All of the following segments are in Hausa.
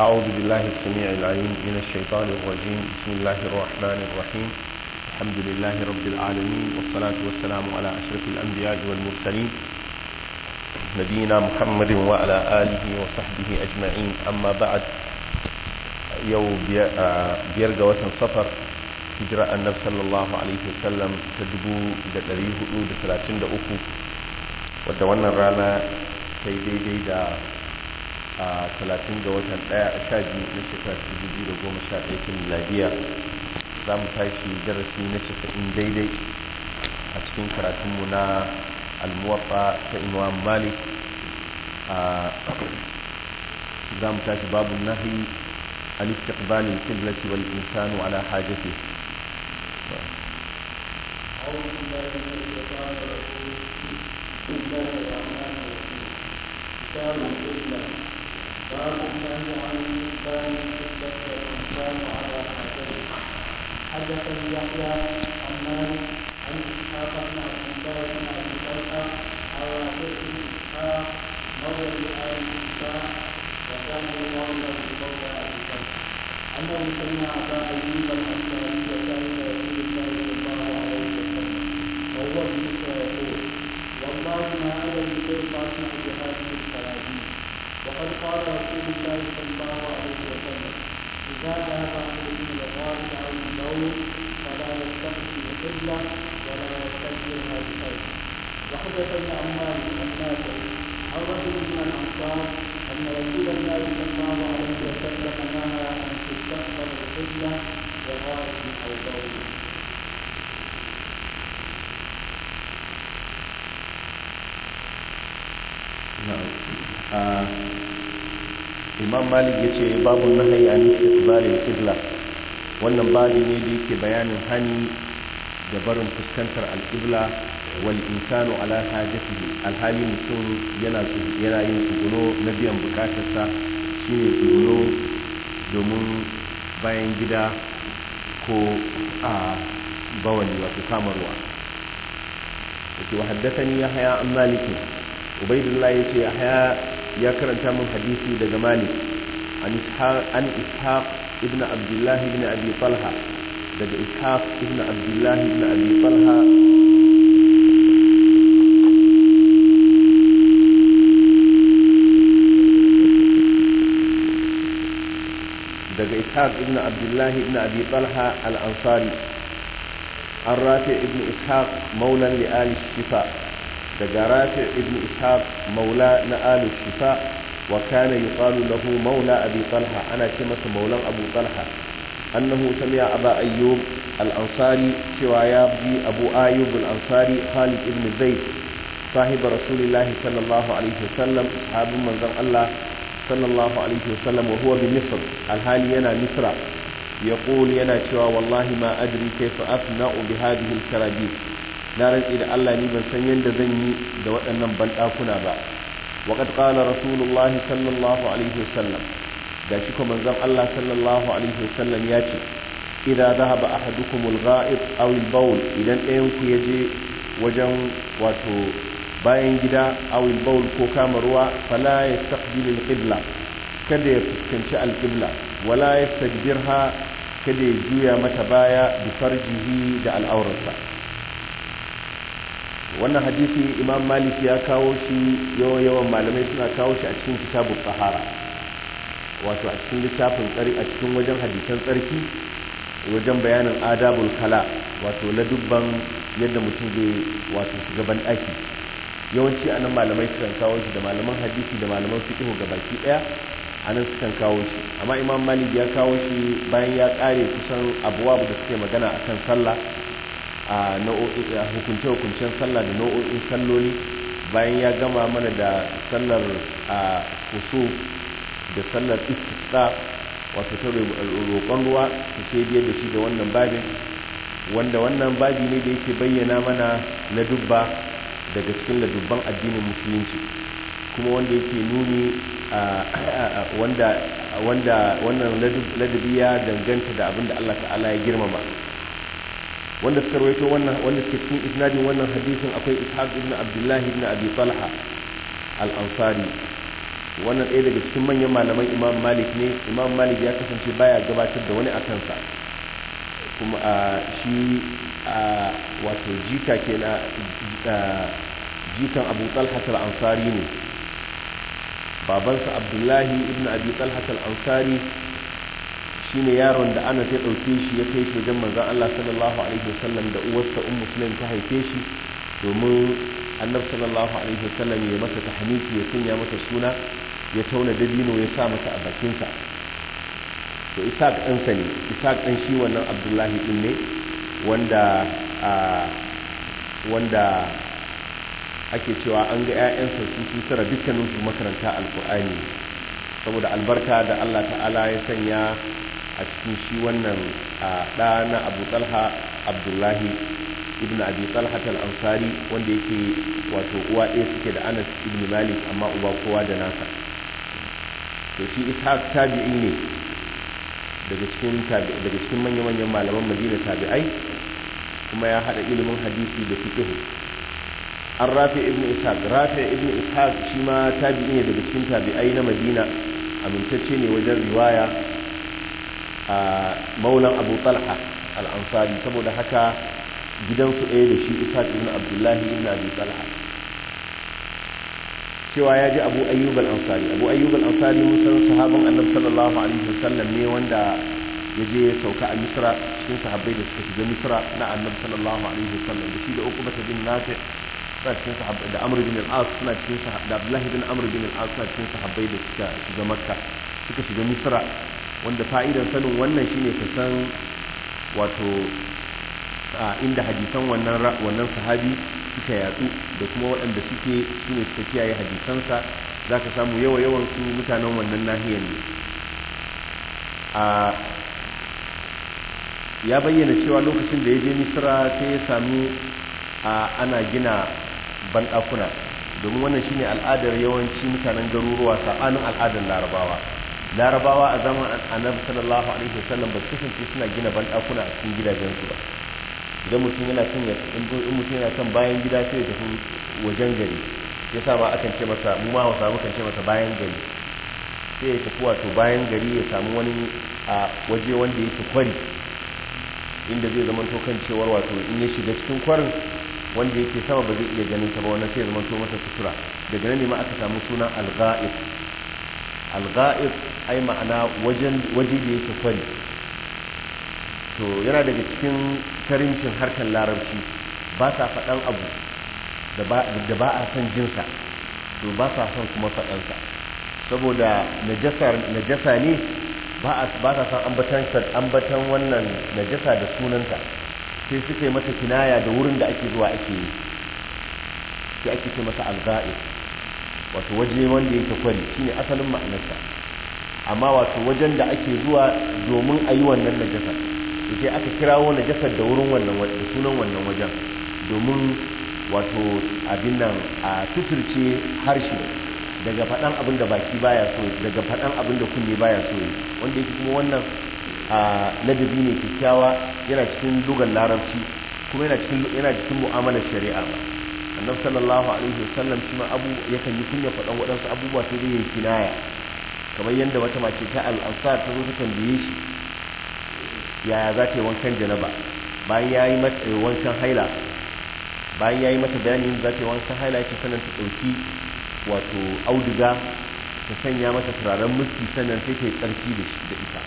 أعوذ بالله السميع العليم من الشيطان الرجيم بسم الله الرحمن الرحيم الحمد لله رب العالمين والصلاة والسلام على أشرف الأنبياء والمرسلين نبينا محمد وعلى آله وصحبه أجمعين أما بعد يوم بيرجى وتنصفر هجرة النبي صلى الله عليه وسلم تدبو دقريه أود ثلاثين دقوكو ودونا رانا كي دي دي دا a 30 ga watan 12 na shekarar 2011 ta miladiya za mu tashi darasi na 90 daidai a cikin karatunmu na almuwafa ta imam malik a za mu tashi babu nahi an istiqbal al wal insanu ala hajjati أعوذ بالله من الشيطان الرجيم بسم الله الرحمن الرحيم كتاب القبلة قال الله عن باب الحجة والإنسان على حاجته حدثني يحيى عن مالك عن إسحاق بن أبي طلحة على ذكر إسحاق مر بآل موسى وكان الله له قول أبي طلحة أنه سمع أبا أيوب الأنصاري سائل رسول الله صلى الله عليه وسلم وهو ابن يقول والله ما أدري كيف أصنع وقد قال رسول الله صلى الله عليه وسلم إذا ذهب أحدكم إلى الغائب أو النوم فلا يستقبل القبلة ولا يستقبلها الهاتفين وحدث ابن عمار بن نافع عن رجل من الأنصار أن رسول الله صلى الله عليه وسلم نهى أن تستقبل القبلة لغائب أو نوم نعم imam malik ya ce babu hayi a istiqbalil kibla wannan babi ne da yake bayanin hani da barin fuskantar alkibla wal insano ala hajatihi alhali mutum yana yin tsuguno na biyan bukatarsa ne tsuguno domin bayan gida ko a bawani wato kamarwa yace wa ya haya an ya ce ya haya. ya karanta min hadisi daga malik an ishaq ibn abdullah ibn abi talha daga ishaq ibn abdullah ibn abi talha daga ishaq ibn abdullah ibn abi talha al-ansari an rafi ibn ishaq maulan li ali shifa daga rafi ibn ishaq maula na alif shifa wa kana yuqalu lahu maula abi talha ana ce masa maulan abu talha annahu sami'a aba ayyub al-ansari cewa ya bi abu ayyub al-ansari khalid ibn zaid sahiba rasulillahi sallallahu alaihi wasallam sahabin manzon Allah sallallahu alaihi wasallam wa huwa bi misr al-hali yana misra يقول ينا cewa والله ما أدري كيف أصنع بهذه الكرابيس na rantsi da Allah ni ban san yadda zan yi da waɗannan banɗakuna ba waƙad ƙala rasulullahi sallallahu alaihi wasallam ga shi kuma manzon Allah sallallahu alaihi wasallam ya ce idan zahaba ahadukumul ra'id aw al-bawl idan ɗayan ku ya je wajen wato bayan gida aw al-bawl ko kama ruwa fala yastaqbil al-qibla kada ya fuskanci al-qibla wala yastadbirha kada ya juya mata baya bi farjihi da al'aurarsa wannan hadisi imam malik ya kawo shi yawan malamai suna kawo shi a cikin kitabun tsahara wato a cikin littafin tsari a cikin wajen hadisan tsarki wajen bayanin adabul kala wato ladubban yadda mutum zai wato gaban ɗaki yawanci anan malamai sukan kawo shi da malaman hadisi da malaman ga baki ɗaya anan sukan kawo shi amma imam malik ya kawo shi bayan ya ƙare kusan abuwa da suke magana akan sallah a hukunce-hukuncen sallah da nau'o'in salloli bayan ya gama mana da sallar a kusu da sallar istisqa wato ta roƙon ruwa ta sai biyar da shi da wannan babin wanda wannan babi ne da yake bayyana mana na dubba daga cikin ladubban addinin musulunci kuma wanda yake nuni wanda wannan ladabi ya danganta da abin da Allah ta'ala ya girmama wanda suka rawaito wannan wanda suke cikin isnadin wannan hadisin akwai ishaq ibn abdullahi ibn abi talha al-ansari wannan ɗaya daga cikin manyan malaman imam malik ne imam malik ya kasance baya gabatar da wani a kansa kuma shi wato jika kenan jikan abu al ansari ne babansa abdullahi ibn abi al ansari shine yaron da ana ya dauke shi ya kai shi wajen manzan Allah sallallahu alaihi wasallam da uwarsa un musulun ta haife shi domin annab sallallahu alaihi wasallam ya masa ta hamiki ya sanya masa suna ya tauna dabino ya sa masa a bakinsa. to Isaac ɗan ne Isaac ɗan shi wannan Abdullahi din ne wanda ake cewa an ga 'ya'yansa su su tara dukkaninsu makaranta alkur'ani saboda albarka da allah ta'ala ya sanya a cikin shi wannan a ɗa na abu talha abdullahi ibn abi talha tal ansari wanda yake wato uwa ɗaya suke da anas ibn malik amma uba kowa da nasa to shi ishaq tabi'i ne daga cikin manya-manyan malaman madina tabi'ai kuma ya haɗa ilimin hadisi da fiƙihu an rafi ibn ishaq rafi ibn ishaq shi ma tabi'i ne daga cikin tabi'ai na madina amintacce ne wajen riwaya maulan abu talha al'ansari saboda haka gidansu ɗaya da shi ishaq ibn abdullahi ibn abu talha cewa ya ji abu ayyub al'ansari abu ayyub al'ansari musan sahabin annab sallallahu alaihi wasallam ne wanda ya je ya sauka a misra cikin sahabbai da suka shiga misra na annab sallallahu alaihi wasallam da shi da uku bata bin nafi suna cikin sahabbai da amr bin al suna cikin sahabbai da abdullahi bin amr bin al suna cikin sahabbai da suka shiga makka suka shiga misra wanda fa'idan sanin wannan shine ka san wato inda hadisan wannan sahabi suka yatsu da kuma waɗanda suke su ne suka kiyaye hadisansa za ka samu yawa-yawan su mutanen wannan nahiyar ne ya bayyana cewa lokacin da ya je misira sai ya sami ana gina banɗakuna domin wannan shine al'adar yawanci mutanen garuruwa saɓanin al'adar larabawa larabawa a zaman annabi sallallahu alaihi wasallam ba su kasance suna gina bandakuna a cikin gidajensu ba idan mutum yana son ya in mutum yana son bayan gida sai ya tafi wajen gari sai sa ba akan ce masa mu ma hausa kan ce masa bayan gari sai ya tafi wato bayan gari ya samu wani a waje wanda yake kwari inda zai zama to kan cewar wato in ya shiga cikin kwarin wanda yake sama ba zai iya ganin sa ba wannan sai ya zama to masa sutura daga nan ne ma aka samu sunan al-ghaib al-ghaid ai ma'ana wajen waje da yake kwari to yana daga cikin karincin harkan larabci ba sa faɗan abu da ba a son jinsa to ba sa son kuma faɗansa saboda najasa ne ba sa son ambatan wannan najasa da sunanta sai suka yi mata kinaya da wurin da ake zuwa ake yi sai ake ce masa al-ghaid wato waje wanda yake kwari shine asalin ma'anarsa amma wato wajen da ake zuwa domin a yi wannan najasa sai aka kirawo najasar da wurin wannan da sunan wannan wajen domin wato abin nan a suturce harshe daga faɗan abin da baki baya so daga faɗan abin da kunne baya so wanda yake kuma wannan a ladabi ne kyakkyawa yana cikin lugar larabci kuma yana cikin mu'amalar shari'a ba annabi sallallahu alaihi wasallam shi ma abu yakan yi kunya fadan wadansu abubuwa sai dai yayi kinaya kamar yanda wata mace ta al-ansar ta zo ta tambaye shi yaya za ta yi wankan janaba bayan ya yi mata eh, wankan haila bayan ya yi mata bayanin za ta yi wankan haila ta sanar ta ɗauki wato auduga ta sanya mata turaren muski sannan sai ta yi tsarki da ita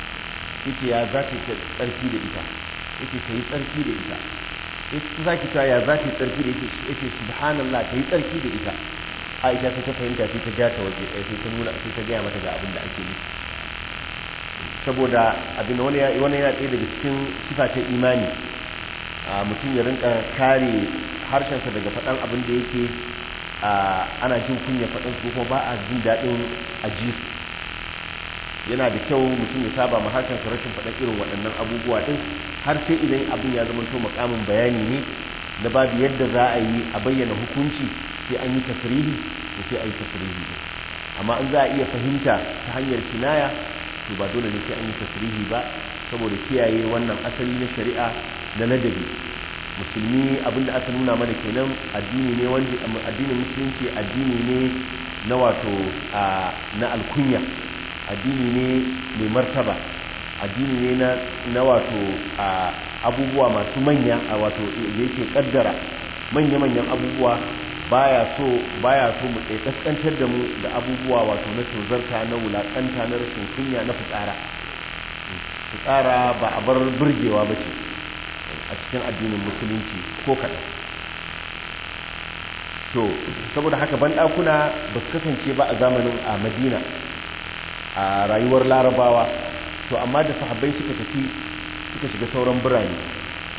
ita ya za ta yi tsarki da ita ita ta yi tsarki da ita ita za ki cewa za ki tsarki da ya ce subhanallah ta yi tsarki da ita aisha sai ta fahimta sai ta ja waje sai ta nuna sai ta gaya mata ga abin da ake yi saboda abin wani yana ɗaya daga cikin sifatar imani a mutum ya rinka kare harshensa daga faɗan abin da yake ana jin kunya faɗan su kuma ba a jin daɗin ajiyarsu yana da kyau mutum ya saba ma harshen sa rashin faɗa irin waɗannan abubuwa din har sai idan abin ya zama to makamin bayani ne da babu yadda za a yi a bayyana hukunci sai an yi tasirihi to sai a yi tasirihi amma an za a iya fahimta ta hanyar kinaya to ba dole ne sai an yi tasirihi ba saboda kiyaye wannan asali na shari'a na ladabi musulmi abin da aka nuna mana kenan addini ne wanda addinin musulunci addini ne na wato na alkunya addini ne mai martaba addini ne na wato abubuwa masu manya a wato da yake kaddara manya-manyan abubuwa baya so baya so mu ƙasƙantar da mu da abubuwa wato na tozarta na wulaƙanta na rashin kunya na fitsara fitsara ba a bar birgewa ba ce a cikin addinin musulunci ko kaɗan to saboda haka banɗakuna ba su kasance ba a zamanin a madina a rayuwar larabawa to amma da sahabbai suka tafi suka shiga sauran birane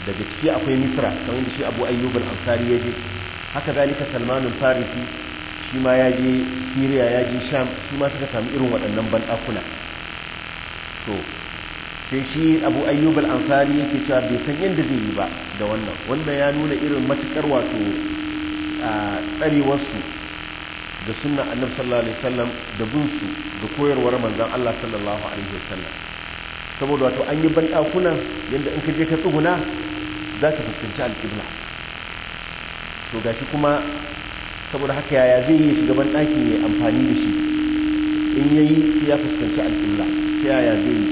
daga ciki akwai misra kamar wanda shi abu ayyubin ansari ya je haka zalika salmanin farisi shi ma ya je siriya ya je sham su ma suka sami irin waɗannan banɗakuna to sai shi abu ayyubin ansari yake cewa bai san yadda zai yi ba da wannan wannan ya nuna irin matuƙar wato a tsarewarsu da sunna annabi sallallahu alaihi wasallam da bin su da koyarwar manzon Allah sallallahu alaihi wasallam saboda wato an yi bandakuna yanda in ka je ka tsuguna za ka fuskanci qibla to gashi kuma saboda haka yaya zai yi shiga bandaki ya amfani da shi in yayi sai ya fuskanci al-qibla sai yaya zai yi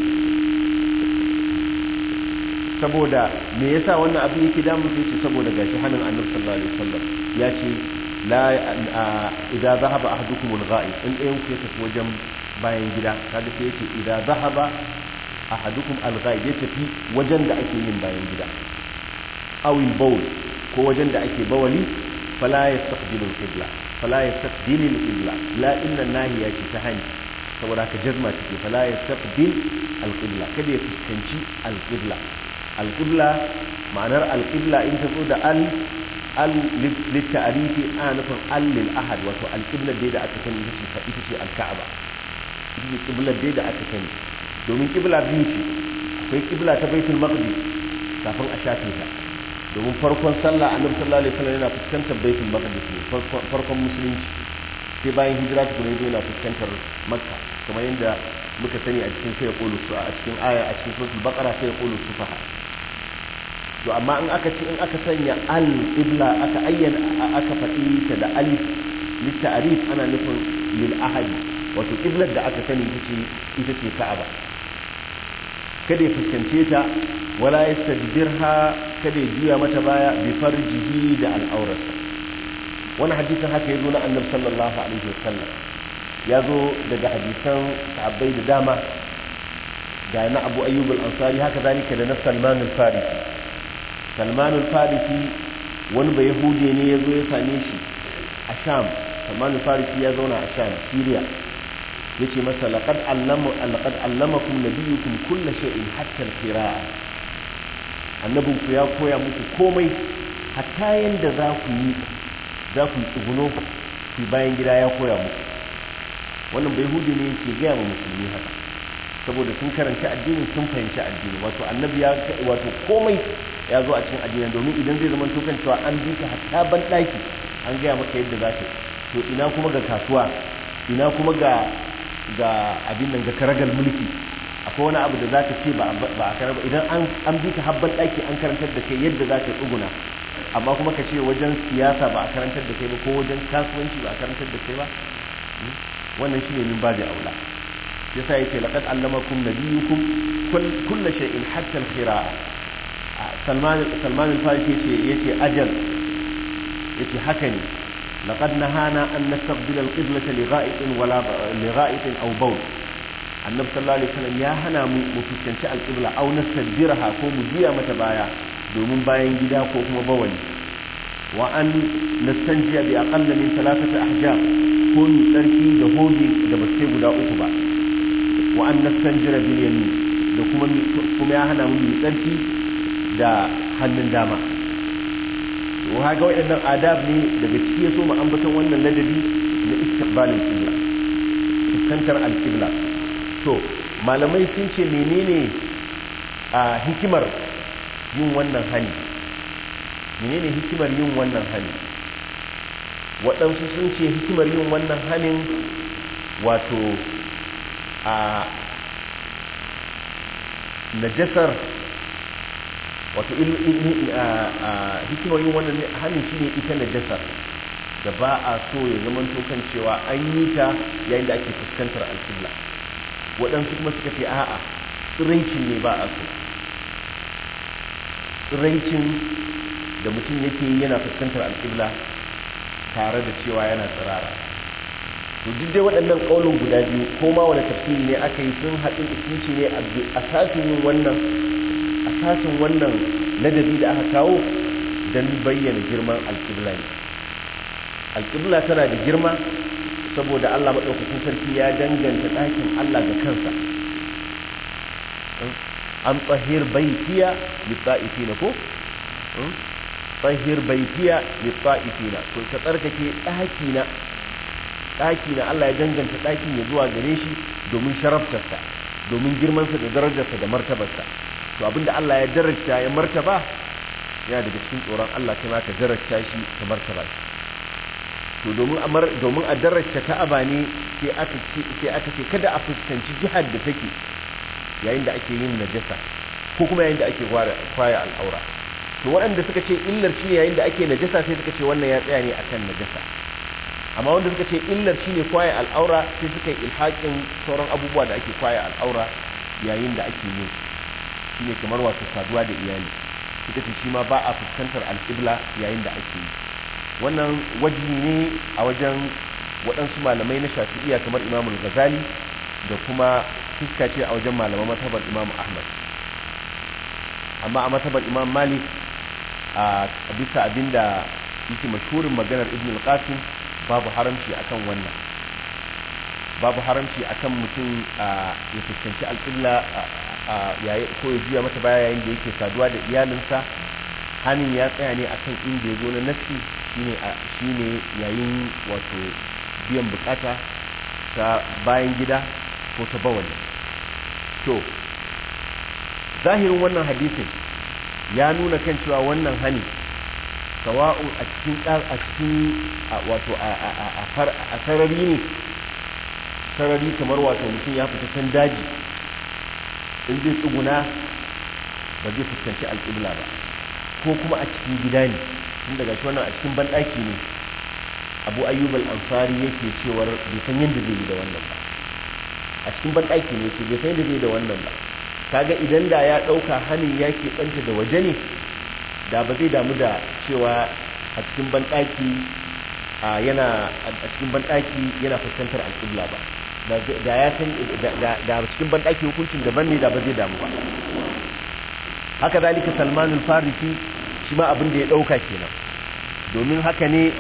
saboda me yasa wannan abin yake damu sai ce saboda gashi hannun annabi sallallahu alaihi wasallam ya ce la idza dhahaba ahadukum al-gha'ib in ɗayan ku ya tafi wajen bayan gida kaga sai yace idza dhahaba ahadukum al-gha'ib ya tafi wajen da ake yin bayan gida aw al ko wajen da ake bawali fala yastaqbilu al-qibla fala nahiya ki tahani saboda ka jazma ciki fala yastaqbil al-qibla kada ya fuskanci al-qibla ma'anar al in ta zo da al al litta'arifi ana nufin al lil ahad wato al qiblar dai da aka sani ita ce ita ce al ka'aba ita ce qiblar dai da aka sani domin qibla biyu ce akwai qibla ta baitul maqdis kafin a shafe ta domin farkon sallah annabi sallallahu alaihi wasallam yana fuskantar baitul maqdis ne farkon musulunci sai bayan hijira tukuna yazo yana fuskantar makka kamar yadda muka sani a cikin sai ya qulu a cikin aya a cikin suratul baqara sai ya qulu sufaha to amma in aka ce in aka sanya al-qibla aka ayyana aka faɗi ta da alif ta'rif ana nufin lil ahadi wato qiblar da aka sani ita ce ka'aba kada ya fuskance ta wala yastadbirha kada ya juya mata baya bi farjihi da al'aurarsa wani hadisin haka yazo na annabi sallallahu alaihi wasallam yazo daga hadisan sahabbai da dama ga na Abu Ayyub al-Ansari haka zalika da na Salman al-Farisi salmanin farisi wani ba yahudi ne ya zo ya same shi a sham salmanin farisi ya zauna a sham syria ya ce masa laƙad biyu nabiyukum kulla shay'in hatta al annabinku ya koya muku komai hatta yanda za ku yi za ku tsuguno bayan gida ya koya muku wannan ba yahudi ne ke gaya wa musulmi haka saboda sun karanci addinin sun fahimci addini wato annabi ya wato komai ya zo a cikin addini domin idan zai zama kan cewa an bi ka hatta ban daki an gaya maka yadda za yi to ina kuma ga kasuwa ina kuma ga ga abin nan ga karagal mulki akwai wani abu da zaka ce ba a karaba idan an bi ka habban daki an karantar da kai yadda za yi tsuguna amma kuma ka ce wajen siyasa ba a karantar da kai ba ko wajen kasuwanci ba a karantar da kai ba hmm? wannan shi ne min babu aula yasa yace laqad allamakum nabiyukum kullu shay'in hatta al-qira'a salman salman al-farisi yace yace ajal yace haka ne na hana an nastaqbila al-qiblata li gha'itin wala li gha'itin aw bawl annabi sallallahu alaihi wasallam ya hana mu mu fuskanci al-qibla aw nastadbiraha ko mu juya mata baya domin bayan gida ko kuma bawani wa an nastanjiya bi aqalla min thalathati ahjab ko mu tsarki da hoge da baske guda uku ba wa an nastanjira da kuma ya hana mu yi tsarki da hannun dama wa haka waɗannan adab ne daga ciki ya so ma'ambatan wannan ladabi na istabalin kibla fuskantar alkibla to malamai sun ce menene a hikimar yin wannan hani? menene hikimar yin wannan hani? waɗansu sun ce hikimar yin wannan halin wato a najasar wato hikimoyin wannan hannun shi ne ita najasar da ba a so ya zaman tokan cewa an yi ta yayin da ake fuskantar alkibla waɗansu kuma suka ce a'a tsirancin ne ba a so tsirancin da mutum yake yana fuskantar alkibla tare da cewa yana tsirara to duk dai waɗannan ƙaunin guda biyu ko ma wani tafsiri ne aka yi sun haɗu sun ce ne asasin wannan asasin wannan ladabi da aka kawo don bayyana girman alƙibla ne alƙibla tana da girma saboda allah maɗaukakin sarki ya danganta ɗakin allah ga kansa an tsahir baitiya littafi na ko tsahir baitiya littafi na to ka tsarkake na. ɗaki na Allah ya danganta ɗakin ya zuwa gare shi domin sharaftarsa domin girmansa da darajarsa da martabarsa to abinda Allah ya darajta ya martaba yana daga cikin tsoron Allah ma ka darajta shi ka martaba shi to domin a darajta ka'aba ne sai aka ce kada a fuskanci jihar da take yayin da ake yin najasa ko kuma yayin da ake kwaya al'aura to waɗanda suka ce illar shi ne yayin da ake najasa sai suka ce wannan ya tsaya ne akan najasa amma wanda suka ce illar shine kwaya al'aura sai suka yi ilhakin sauran abubuwa da ake kwaya al'aura yayin da ake yin shine kamar wato saduwa da iyali suka ce shi ma ba a fuskantar al'ibla yayin da ake yi wannan wajibi ne a wajen waɗansu malamai na shafi'iya kamar imamul ghazali da kuma fuska ce a wajen malaman matabar imamu ahmad amma a matabar imam malik a bisa abinda yake mashhurin maganar ibn al-qasim babu haramci akan wannan babu haramci akan mutum ya fuskanci alƙibla ko ya juya mata baya yayin da yake saduwa da iyalinsa hannun ya tsaya ne akan inda ya zo na nassi shine yayin wato biyan bukata ta bayan gida ko ta bawani to zahirin wannan hadisin ya nuna kan cewa wannan hani sawa'un a cikin a cikin wato a sarari ne sarari kamar wato mutum ya fita can daji in zai tsuguna ba zai fuskanci alƙibla ba ko kuma a cikin gida ne tun daga shi wannan a cikin banɗaki ne abu ayyubal ansari yake cewar bai san yadda zai yi da wannan ba a cikin banɗaki ne ce bai san yadda zai yi da wannan ba kaga idan da ya ɗauka hannun ya ɗanta da waje ne da ba zai damu da cewa a cikin banɗaki yana a cikin banɗaki yana fuskantar alƙibla ba da ya san da cikin banɗaki hukuncin daban ne da ba zai damu ba haka zalika salmanul farisi shi ma abin da ya ɗauka kenan domin haka ne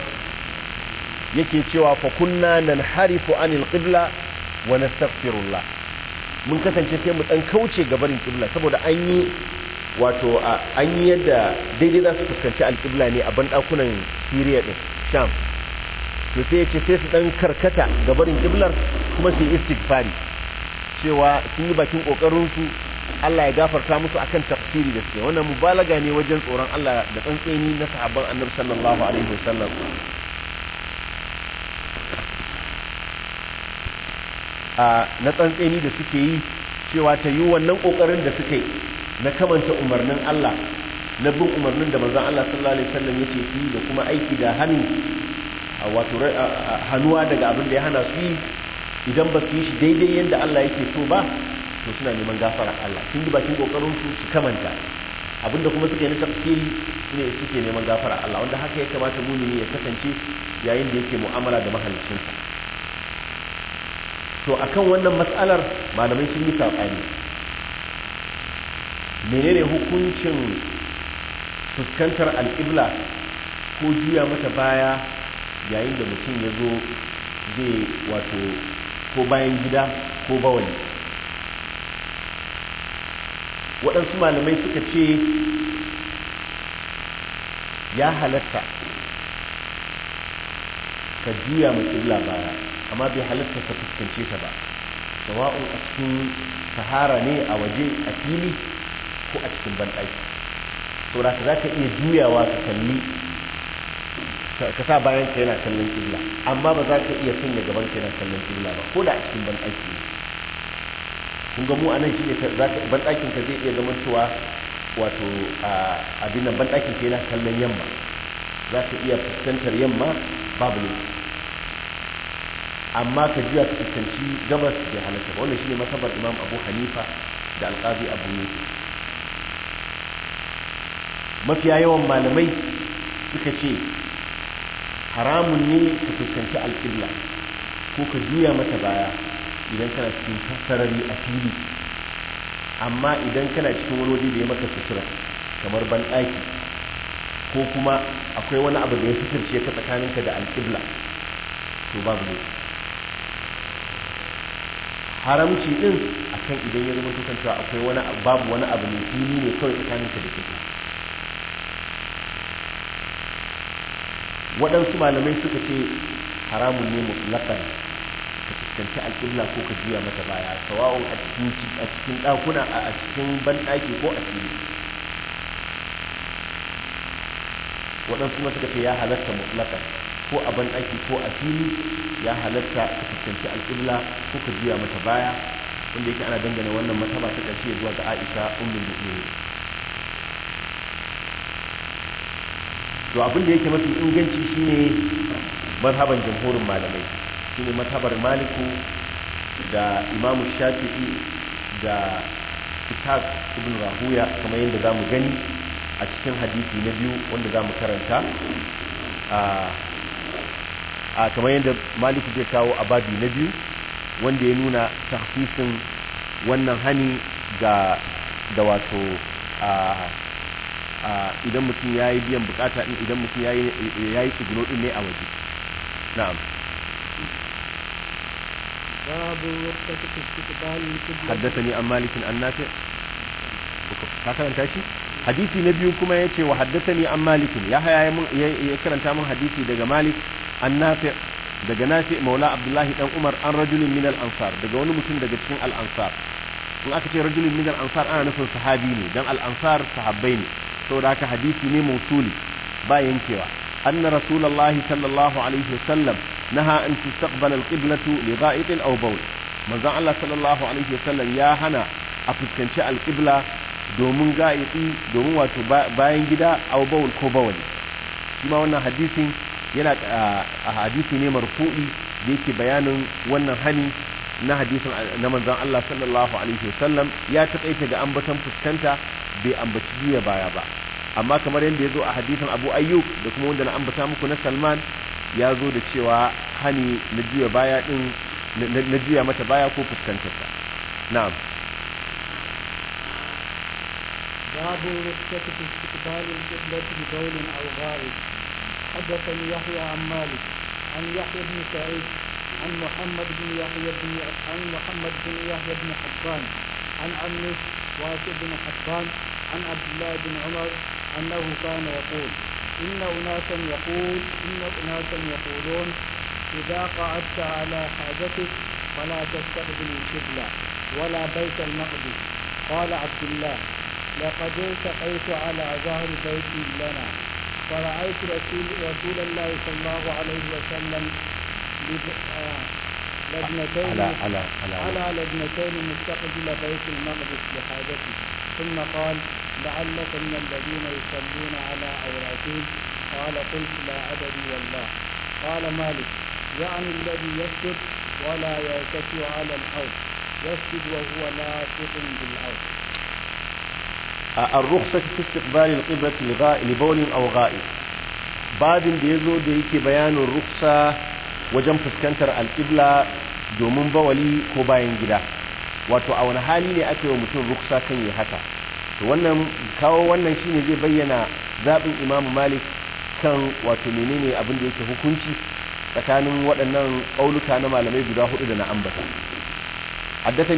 yake cewa fa kunna nan harifu an qibla wa nastaghfirullah mun kasance sai mu dan kauce gabarin kibla saboda an yi wato an yi yadda daidai za su fuskanci alƙibla ne a banɗakunan siriya ɗin sham to sai ce sai su ɗan karkata gabarin ƙiblar kuma su yi istighfari cewa sun yi bakin ƙoƙarinsu allah ya gafarta musu akan tafsiri da suke wannan mubalaga ne wajen tsoron allah da tsantseni na sahabban annabi sallallahu alaihi wasallam na tsantseni da suke yi cewa ta yi wannan ƙoƙarin da suke na kamanta umarnin Allah na bin umarnin da manzan Allah sallallahu Alaihi wasallam ya ce su yi da kuma aiki da hannu a wato hannuwa daga abin da ya hana su yi idan ba su yi shi daidai yadda Allah yake so ba to suna neman gafara Allah sun yi bakin kokarinsu su kamanta Abin da kuma suke na tafsiri ne suke neman gafara Allah wanda haka ya kamata mumini ya kasance yayin da yake mu'amala da mahaliccinsa to akan wannan matsalar malamai sun yi saɓani menene hukuncin fuskantar al'ibla ko juya mata baya yayin da mutum ya zo zai wato ko bayan gida ko bawali waɗansu malamai suka ce ya halatta ka juya mai ƙibla baya amma bai halatta ka fuskance ta ba sawa'un a cikin sahara ne a waje a fili ko a cikin banɗaki saboda da za ka iya juyawa ka kalli ka sa bayan ka yana kallon kibla amma ba za ka iya sanya gaban ka yana kallon kibla ba ko da a cikin banɗaki ne kun ga mu anan shine banɗakin ka zai iya cewa wato abin nan banɗakin ka yana kallon yamma za ka iya fuskantar yamma babu ne amma ka juya ka fuskanci gabas da halatta wannan shine masabar imam abu hanifa da alqazi abu yusuf mafiya yawan malamai suka ce haramun ne ka fuskanci alƙibla ko ka juya mata baya idan kana cikin sarari a fili amma idan kana cikin wani waje da ya maka sutura kamar banɗaki ko kuma akwai wani abu da ya suturce ka tsakaninka da alƙibla to babu ne haramci din akan idan ya zama tukan akwai babu wani abu ne fili ne kawai tsakaninka da kibla waɗansu malamai suka ce haramun ne mutlaƙar ka fuskanci alƙibla ko ka juya mata baya sawa'un a cikin a ɗakuna a cikin banɗaki ko a fili waɗansu kuma suka ce ya halatta mutlaƙar ko a banɗaki ko a fili ya halatta ka fuskanci alƙibla ko ka juya mata baya wanda yake ana dangane wannan mataba ta ƙarshe zuwa ga aisha ummin mu'minin to abin da yake mafi inganci shine mazhaban jamhurin malamai shine mazhabar maliku da imamu shafi'i da ishaq ibn rahuya kamar yadda za gani a cikin hadisi na biyu wanda za karanta a kamar yadda maliku zai kawo a babi na biyu wanda ya nuna tahsisin wannan hani ga da wato a idan mutum ya yi biyan bukata idan mutum ya yi tsuguno din ne a waje na'am an malikin an nafi ka karanta shi hadisi na biyu kuma ya ce wa haddatani an malikin ya haya ya karanta mun hadisi daga malik an nafi daga nafi maula abdullahi dan umar an rajulin min ansar daga wani mutum daga cikin al-ansar in aka ce rajulin min al-ansar ana nufin sahabi ne dan al-ansar sahabbai ne saboda haka hadisi ne mausuli ba yankewa anna rasulullahi sallallahu alaihi wasallam naha an tustaqbal alqiblatu li ghaidin aw bawl manzon Allah sallallahu alaihi wasallam ya hana a fuskanci alqibla domin ga'iti domin wato bayan gida aw bawl ko bawli shi ma wannan hadisin yana a hadisi ne marfu'i da yake bayanin wannan hani na hadisin na manzon Allah sallallahu alaihi wasallam ya taƙaita ga ambaton fuskanta bai ambaci jiya baya ba amma kamar yadda ya zo a hadisin abu ayyub da kuma wanda na ambata muku na salman ya zo da cewa hani na juya baya din na jiya mata baya ko fuskantarsa na'am babu rikata istiqbalin qiblati bi bawlin aw ghaib حدثني يحيى عن مالك عن يحيى بن سعيد عن محمد بن يحيى بن عن محمد بن يحيى بن حبان عن عمه واسع بن حسان عن عبد الله بن عمر أنه كان يقول إن أناسا يقول إن أناسا يقولون إذا قعدت على حاجتك فلا تستقبل القبلة ولا بيت المقدس قال عبد الله لقد التقيت على ظهر بيت لنا فرأيت رسول, رسول الله صلى الله عليه وسلم آه، لابنتين على على على على لابنتين مستقبل بيت المقدس لحاجته ثم قال لعلك من الذين يصلون على عوراتهم قال قلت لا أدري والله قال مالك يعني الذي يسجد ولا يلتفت على الحوض يسجد وهو لاصق بالحوض الرخصة في استقبال القبلة لبول أو غائب بعد da ya بيان الرخصة wajen fuskantar alƙibla domin bawali ko bayan gida wato a wani hali ne aka yi wa mutum ruksa kan yi haka to wannan kawo wannan shi ne zai bayyana zaɓin imamu malik kan wato menene abin da yake hukunci tsakanin waɗannan ƙauluka na malamai guda hudu da na ambata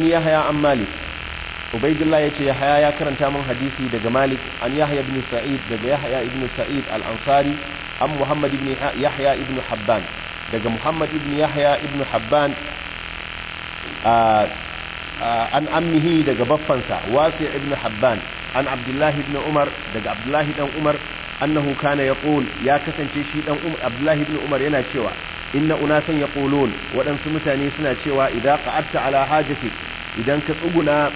ya haya an malik ubaidillah ya ce ya karanta min hadisi daga malik an haya ibn sa'id daga haya ibn sa'id al-ansari an muhammad ibn yahya ibn habban daga muhammad ibn yahya ibn habban an ammihi daga baffansa wasi ibn habban an abdullahi ibn umar daga abdullahi dan umar annahu kana yaqul ya kasance shi dan umar abdullahi ibn umar yana cewa inna unasan yaqulun waɗansu mutane suna cewa idza qa'adta ala hajatik idan ka tsuguna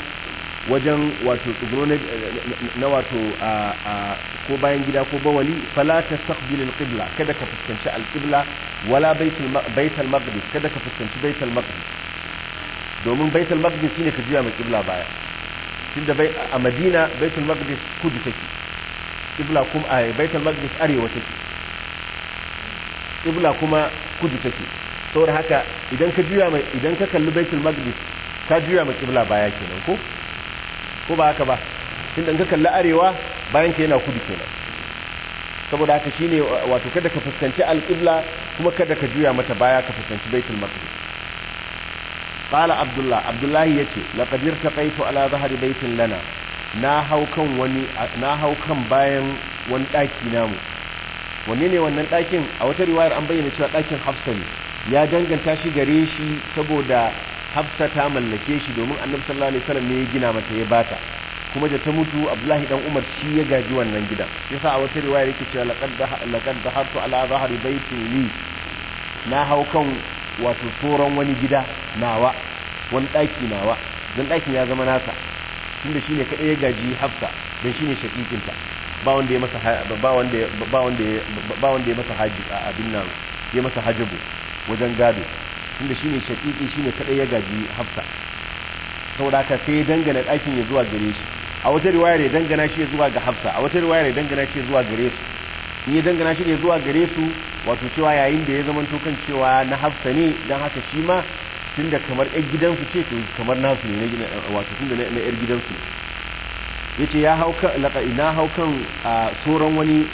wajen wato tsuguno na wato ko bayan gida ko bawali fala tastaqbil qibla kada ka fuskanci alqibla wala baitul baitul maqdis kada ka fuskanci baitul maqdis domin baitul maqdis shine ka juya mai qibla baya tunda bai a Madina baitul maqdis kudu take qibla kuma a baitul maqdis arewa take qibla kuma kudu take saboda haka idan ka juya mai idan ka kalli baitul maqdis ka juya mai qibla baya kenan ko ko ba haka ba tun da ka kalli arewa bayan ka yana kudu kenan saboda haka shine wato kada ka fuskanci alƙibla kuma kada ka juya mata baya ka fuskanci baitul maqdis qala abdullah abdullah yace laqad irtaqaytu ala dhahri baitin lana na hau kan wani na hau bayan wani daki namu wanne ne wannan dakin a wata riwayar an bayyana cewa dakin hafsa ya danganta shi gare shi saboda hafsa ta mallake shi domin annabi sallallahu alaihi wasallam ne ya gina mata ya bata kuma da ta mutu abdullahi dan umar shi ya gaji wannan gidan yasa a wata riwaya yake cewa laqad laqad zahartu ala zahri baiti li na hau kan wato soron wani gida nawa wani daki nawa dan dakin ya zama nasa tunda shine kadai ya gaji hafsa dan shine shakikinta ba wanda ya masa ba wanda ba wanda ba wanda ya masa haji abin nan ya masa hajabu wajen gado tunda shine shaqiqi shine kadai ya gaji hafsa saboda haka sai ya dangana ɗakin ya zuwa gare shi a wata riwaya ya dangana shi zuwa ga hafsa a wata riwaya ya dangana shi zuwa gare su in ya dangana shi ne zuwa gare su wato cewa yayin da ya zama kan cewa na hafsa ne don haka shi ma tunda kamar ɗan gidansu ce to kamar nasu ne wato tunda na ɗan gidansu yace ya hauka na hau kan tsoron wani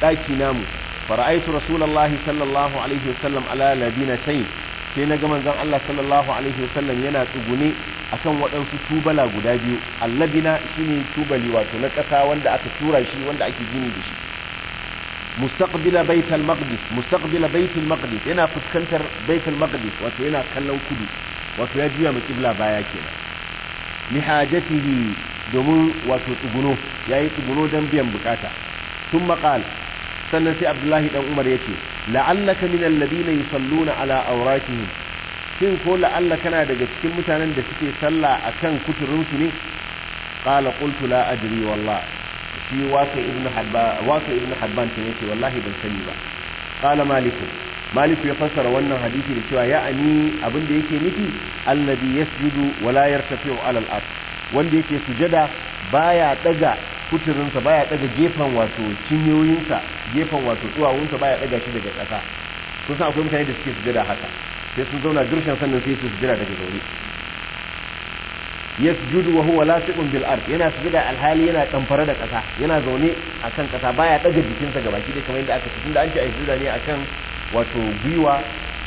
daki namu fara'aitu rasulullahi sallallahu alaihi wasallam ala labina tayin sai na ga zan Allah sallallahu alaihi wasallam yana tsugune a kan waɗansu tubala guda biyu allabina shine tubali wato na ƙasa wanda aka tura shi wanda ake gini da shi mustaqbila baital maqdis mustaqbila baital maqdis yana fuskantar baital maqdis wato yana kallon kudu wato ya juya mu kibla baya kenan lihajatihi domin wato tsuguno yayi tsuguno dan biyan bukata tun maƙal sannan sai abdullahi dan umar ya ce la'allaka min alladhina yusalluna ala awratihim shin ko la'alla kana daga cikin mutanen da suke sallah akan kuturinsu ne qala qultu la adri wallah shi wasu ibn habban wasu ibn habban ce yace wallahi ban sani ba qala maliku maliku ya fassara wannan hadisi da cewa ya'ani abin da yake nufi alladhi yasjudu wa la yartafi'u ala al-ard wanda yake sujada baya daga kuturinsa baya daga gefen wato cinyoyinsa gefen wato tsuwawunsa baya daga shi daga ƙasa kun san akwai mutane da suke sujada haka sai sun zauna girshen sannan sai su jira daga zaune judu wa huwa lasiqun bil ard yana sujada alhali yana tamfara da ƙasa yana zaune akan ƙasa baya daga jikinsa gabaki dai kamar yadda aka ce tunda an ce ai sujada ne akan wato gwiwa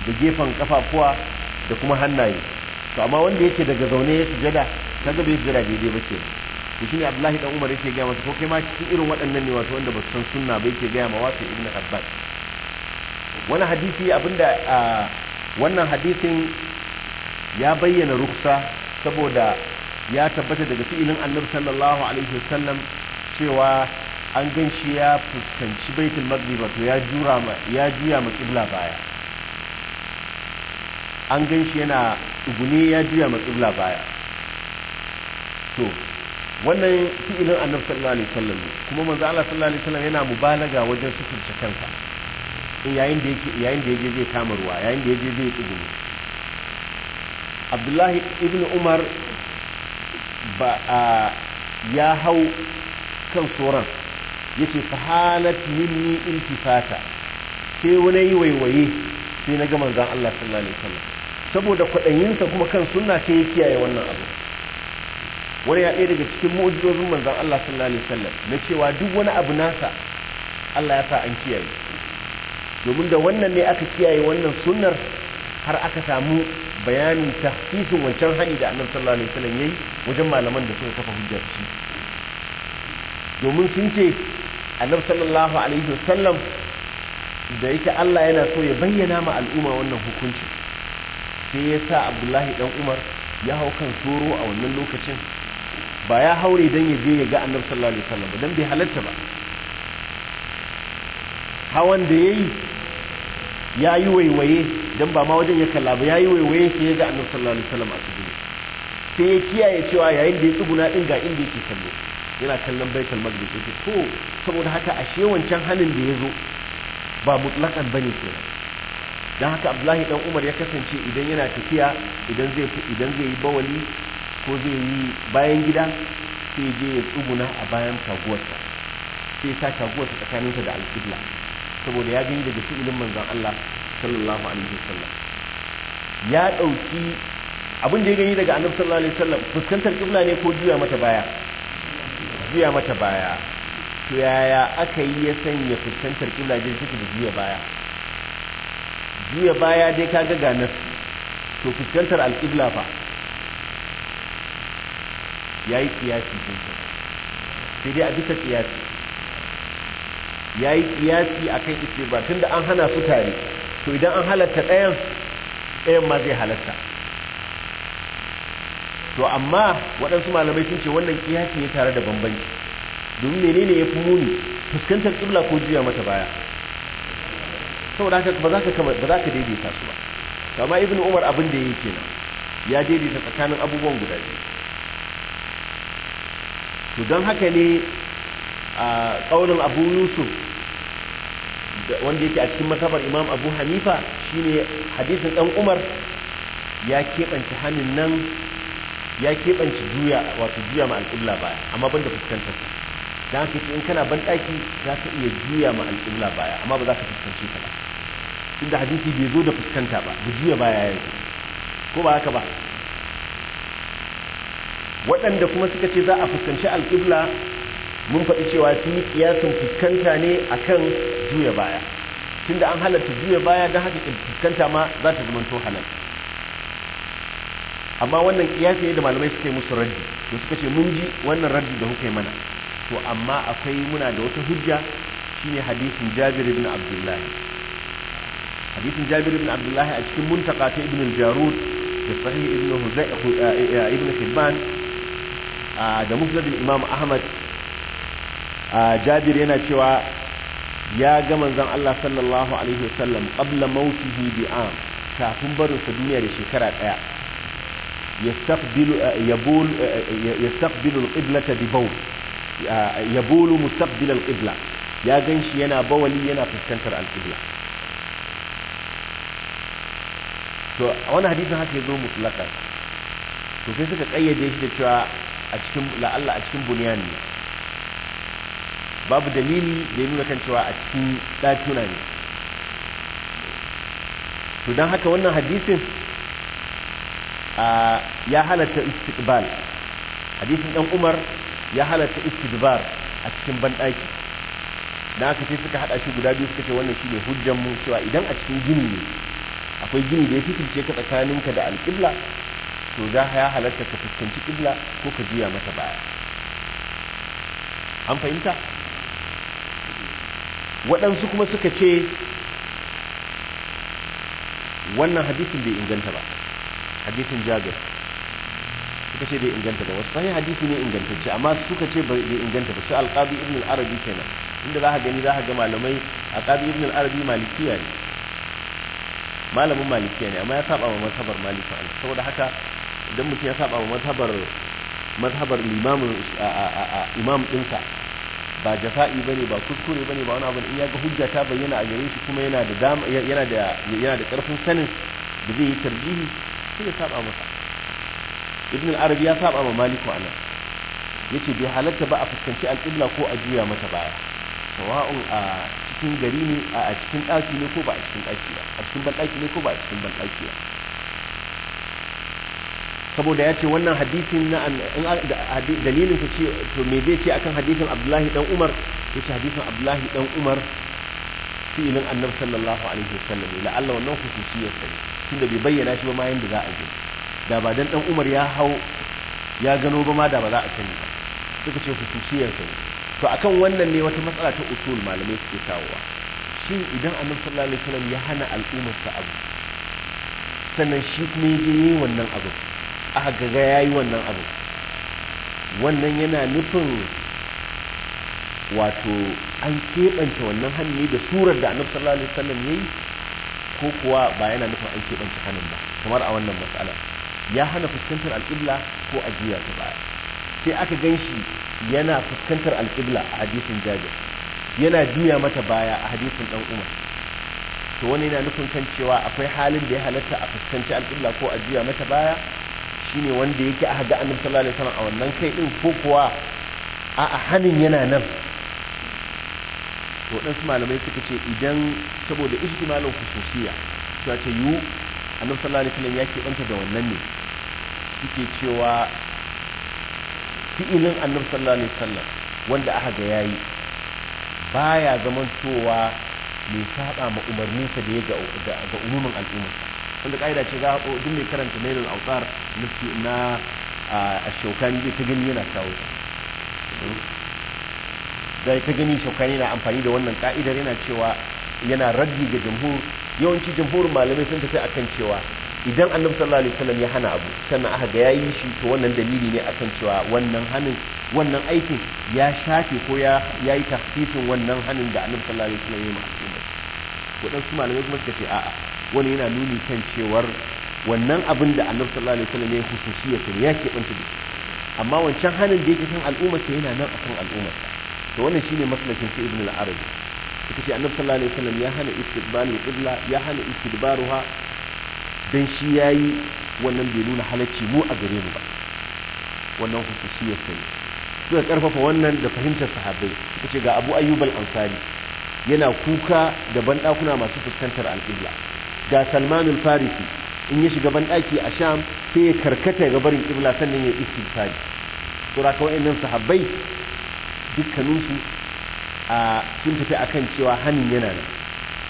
da gefen kafafuwa da kuma hannaye to amma wanda yake daga zaune ya sujada kaga bai sujada daidai ba kenan to shine abdullahi dan umar yake gaya masa ko kai ma cikin irin waɗannan ne wato wanda ba su san sunna ba yake gaya ma wato ibn abbas wani hadisi abinda wannan hadisin ya bayyana ruksa saboda ya tabbata daga fi'ilin annabi sallallahu alaihi wasallam cewa an gan shi ya fuskanci baitul maqdis wato ya jura ma ya juya ma qibla baya an gan shi yana tsugune ya juya ma qibla baya to wannan fi'ilin annabi sallallahu alaihi wasallam kuma manzo Allah sallallahu alaihi wasallam yana mubalaga wajen sukurce kansa yayin da yake yayin da yaje zai kama ruwa yayin da yaje zai tsuguni Abdullahi ibn Umar ba ya hau kan soran yace fahalat minni intifata sai wani yi waiwaye sai na ga manzan Allah sallallahu alaihi wasallam saboda kwaɗayinsa kuma kan sunna ce ya kiyaye wannan abu wani ya ɗaya daga cikin mu'ujizozin manzan Allah sallallahu alaihi wasallam na cewa duk wani abu nasa Allah ya sa an kiyaye domin da wannan ne aka kiyaye wannan sunnar har aka samu bayanin tahsisin wancan hani da annabi sallallahu alaihi wasallam yayi wajen malaman da suka kafa hujja shi domin sun ce annabi sallallahu alaihi wasallam da yake Allah yana so ya bayyana ma al'umma wannan hukunci sai ya sa Abdullahi dan Umar ya hau kan soro a wannan lokacin ba ya haure don ya je ya ga annabi sallallahu alaihi wasallam don bai halatta ba hawan da ya yi ya yi waiwaye don ba ma wajen ya kalla ba ya yi waiwaye sai ya ga annabi sallallahu alaihi wasallam a cikin sai ya kiyaye cewa yayin da ya tsuguna din ga inda yake kallo yana kallon baitul maqdis yake to saboda haka ashe wancan halin da ya zo ba mutlaqan bane kenan dan haka abdullahi dan umar ya kasance idan yana tafiya idan zai idan zai yi bawali ko zai yi bayan gida sai je ya tsuguna a bayan taguwarsa sai ya sa taguwarsa tsakaninsa da alƙibla saboda ya gani daga fi'ilin manzon Allah sallallahu alaihi wasallam ya ɗauki abin da ya gani daga annabi sallallahu alaihi wasallam fuskantar kibla ne ko juya mata baya juya mata baya to yaya aka yi ya sanya fuskantar kibla je take da juya baya juya baya dai kaga ga nasu to fuskantar alƙibla fa ya yi kiyasi dinsa sai dai a bisa kiyasi ya yi kiyasi a kan istihbar tun da an hana su tare to idan an halatta ɗayan ɗayan ma zai halatta to amma waɗansu malamai sun ce wannan kiyasi ne tare da bambanci domin menene ya fi muni fuskantar ƙibla ko juya mata baya saboda haka ba za ka daidaita su ba kama ibn umar abin da ya yi kenan ya daidaita tsakanin abubuwan guda biyu to don haka ne a ƙaunin abu yusuf wanda yake a cikin matabar imam abu hanifa shine hadisin ɗan umar ya keɓance hannun nan ya keɓance juya wato juya ma alƙibla baya amma ban da fuskantar ta haka ce in kana ban ɗaki za ka iya juya ma alƙibla baya amma ba za ka fuskance ta ba inda hadisi bai zo da fuskanta ba da juya baya ya ko ba haka ba waɗanda kuma suka ce za a fuskanci alƙibla mun faɗi cewa su yi ƙiyasin fuskanta ne a kan juya baya tun da an halatta juya baya don haka fuskanta ma za ta zama to halal amma wannan ƙiyasi ne da malamai suka yi musu raddi da suka ce mun ji wannan raddi da hukai mana to amma akwai muna da wata hujja shine hadisin jabir ibn abdullahi hadisin jabir ibn abdullahi a cikin muntaka ta ibn al-jarud da sahih ibn eh, eh, ibn hibban da musnadin imam ahmad jabir yana cewa ya ga manzan Allah sallallahu alaihi wasallam qabla mautihi bi am kafin barinsa duniya da shekara ɗaya, yastaqbilu yabul yastaqbilu ya ganshi yana bawali yana fuskantar alƙibla to wannan hadisin haka yazo mutlaqan to sai suka kayyade shi da cewa a cikin la'alla a cikin buniyan ne babu dalili da ya nuna kan cewa a cikin ɗakuna ne to don haka wannan hadisin ya halatta istiqbal hadisin ɗan umar ya halatta istidbar a cikin banɗaki na haka sai suka haɗa shi guda biyu suka ce wannan shi ne hujjanmu cewa idan a cikin gini ne akwai gini da ya sitince ka tsakaninka da alƙibla to za ya halatta ka fuskanci ƙibla ko ka juya mata baya an fahimta waɗansu kuma suka ce wannan hadisin bai inganta ba hadisin jabir suka ce bai inganta ba wasu sai hadisi ne ingantacce amma suka ce bai inganta ba su alƙadi ibn al-arabi kenan inda za ka gani za ka ga malamai alƙadi ibn al-arabi malikiya ne malamin malikiya ne amma ya saba wa masabar malikiya saboda haka idan mutum ya saba mazhabar mazhabar limamin imam dinsa ba jafa'i bane ba kuskure bane ba wani abu in ya ga hujja ta bayyana a gare shi kuma yana da dama yana da yana da karfin sanin da zai yi tarjihi sai ya saba masa ibn al-arab ya saba ma maliku ya yace bai halatta ba a fuskanci al-qibla ko a juya mata baya sawa'un a cikin gari ne a cikin daki ne ko ba a cikin daki ba a cikin banɗaki ne ko ba a cikin banɗaki ba saboda ya ce wannan hadisin na dalilin ta ce to me zai ce akan hadisin abdullahi dan umar ya ce hadisin abdullahi dan umar fi'ilin annab sallallahu alaihi wasallam la Allah wannan ya sani tunda bai bayyana shi ba ma yanda za a je da ba dan dan umar ya hau ya gano ba ma da ba za a sani ba suka ce ya sani to akan wannan ne wata matsala ta usul malamai suke kawowa shi idan annabi sallallahu alaihi wasallam ya hana al'ummar abu sannan shi kuma ya je wannan abu aka gaga ya yi wannan abu wannan yana nufin wato an keɓance wannan hannu da surar da annabi sallallahu alaihi wasallam ya yi ko kuwa ba yana nufin an keɓance hannun ba kamar a wannan matsala ya hana fuskantar alƙibla ko ajiya ta baya sai aka gan shi yana fuskantar alƙibla a hadisin jabir yana juya mata baya a hadisin ɗan umar to wani yana nufin kan cewa akwai halin da ya halatta a fuskanci alƙibla ko a juya mata baya ne wanda yake aka ga annabi sallallahu alaihi wasallam a wannan kai din ko kuwa a hanin yana nan to dan su malamai suka ce idan saboda ijtimalin khususiyya cewa ce yu annabi sallallahu alaihi wasallam ya danta da wannan ne suke cewa fi'ilin annabi sallallahu alaihi wasallam wanda aka ga yayi baya zaman cewa mai saba ma umarninsa da ya ga umumin al'umma. wanda ƙa'ida ce za a duk mai karanta nailul autar na a shaukani zai ta gani yana kawo zai ta gani shaukani na amfani da wannan ka'idar yana cewa yana raddi ga jamhur yawanci jamhur malamai sun tafi akan cewa idan annabi sallallahu alaihi wasallam ya hana abu sannan aka ga yayi shi to wannan dalili ne akan cewa wannan hanin wannan aikin ya shafe ko ya yayi tafsisin wannan hanin da annabi sallallahu alaihi wasallam ya yi ma wadansu malamai kuma suka ce a'a wani yana nuni kan cewar wannan abin da annabi sallallahu alaihi wasallam ya yi sai ya keɓanta da amma wancan hannun da yake kan sai yana nan akan al'umma sa to wannan shine maslakin sai ibn al-arabi ita ce annabi sallallahu alaihi wasallam ya hana istidbalul qibla ya hana istidbaruha dan shi yayi wannan bai nuna halacci mu a gare mu ba wannan hususiyar sai suka karfafa wannan da fahimtar sahabbai suka ce ga Abu Ayyub al-Ansari yana kuka da bandakuna masu fuskantar al-qibla ga al farisi in ya shiga banɗaki a sham sai ya karkata ga barin ƙibla sannan ya istighfari saboda kawai nan sahabbai dukkaninsu a sun tafi akan cewa hanin yana nan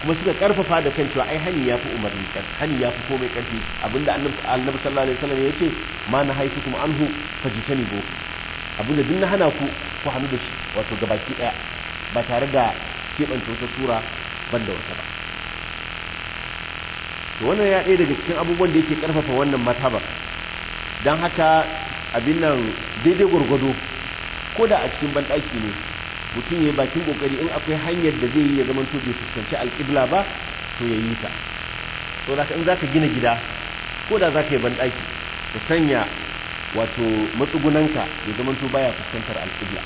kuma suka karfafa da kan cewa ai hani ya fi umarni hani ya fi komai karfi abinda annabi sallallahu alaihi wasallam ya ce ma na haitu kuma anhu fajitani bo abinda duk na hana ku ku hannu da shi wato gabaki daya ba tare da kebanta wata sura ban wata ba to wannan ya ɗaya daga cikin abubuwan da yake ƙarfafa wannan mataba don haka abin nan daidai gwargwado ko da a cikin banɗaki ne mutum ya yi bakin ƙoƙari in akwai hanyar da zai yi ya zamanto bai fuskanci alƙibla ba to ya yi ta to da in za ka gina gida ko da za ka yi banɗaki ka sanya wato matsugunanka ya zamanto baya fuskantar alƙibla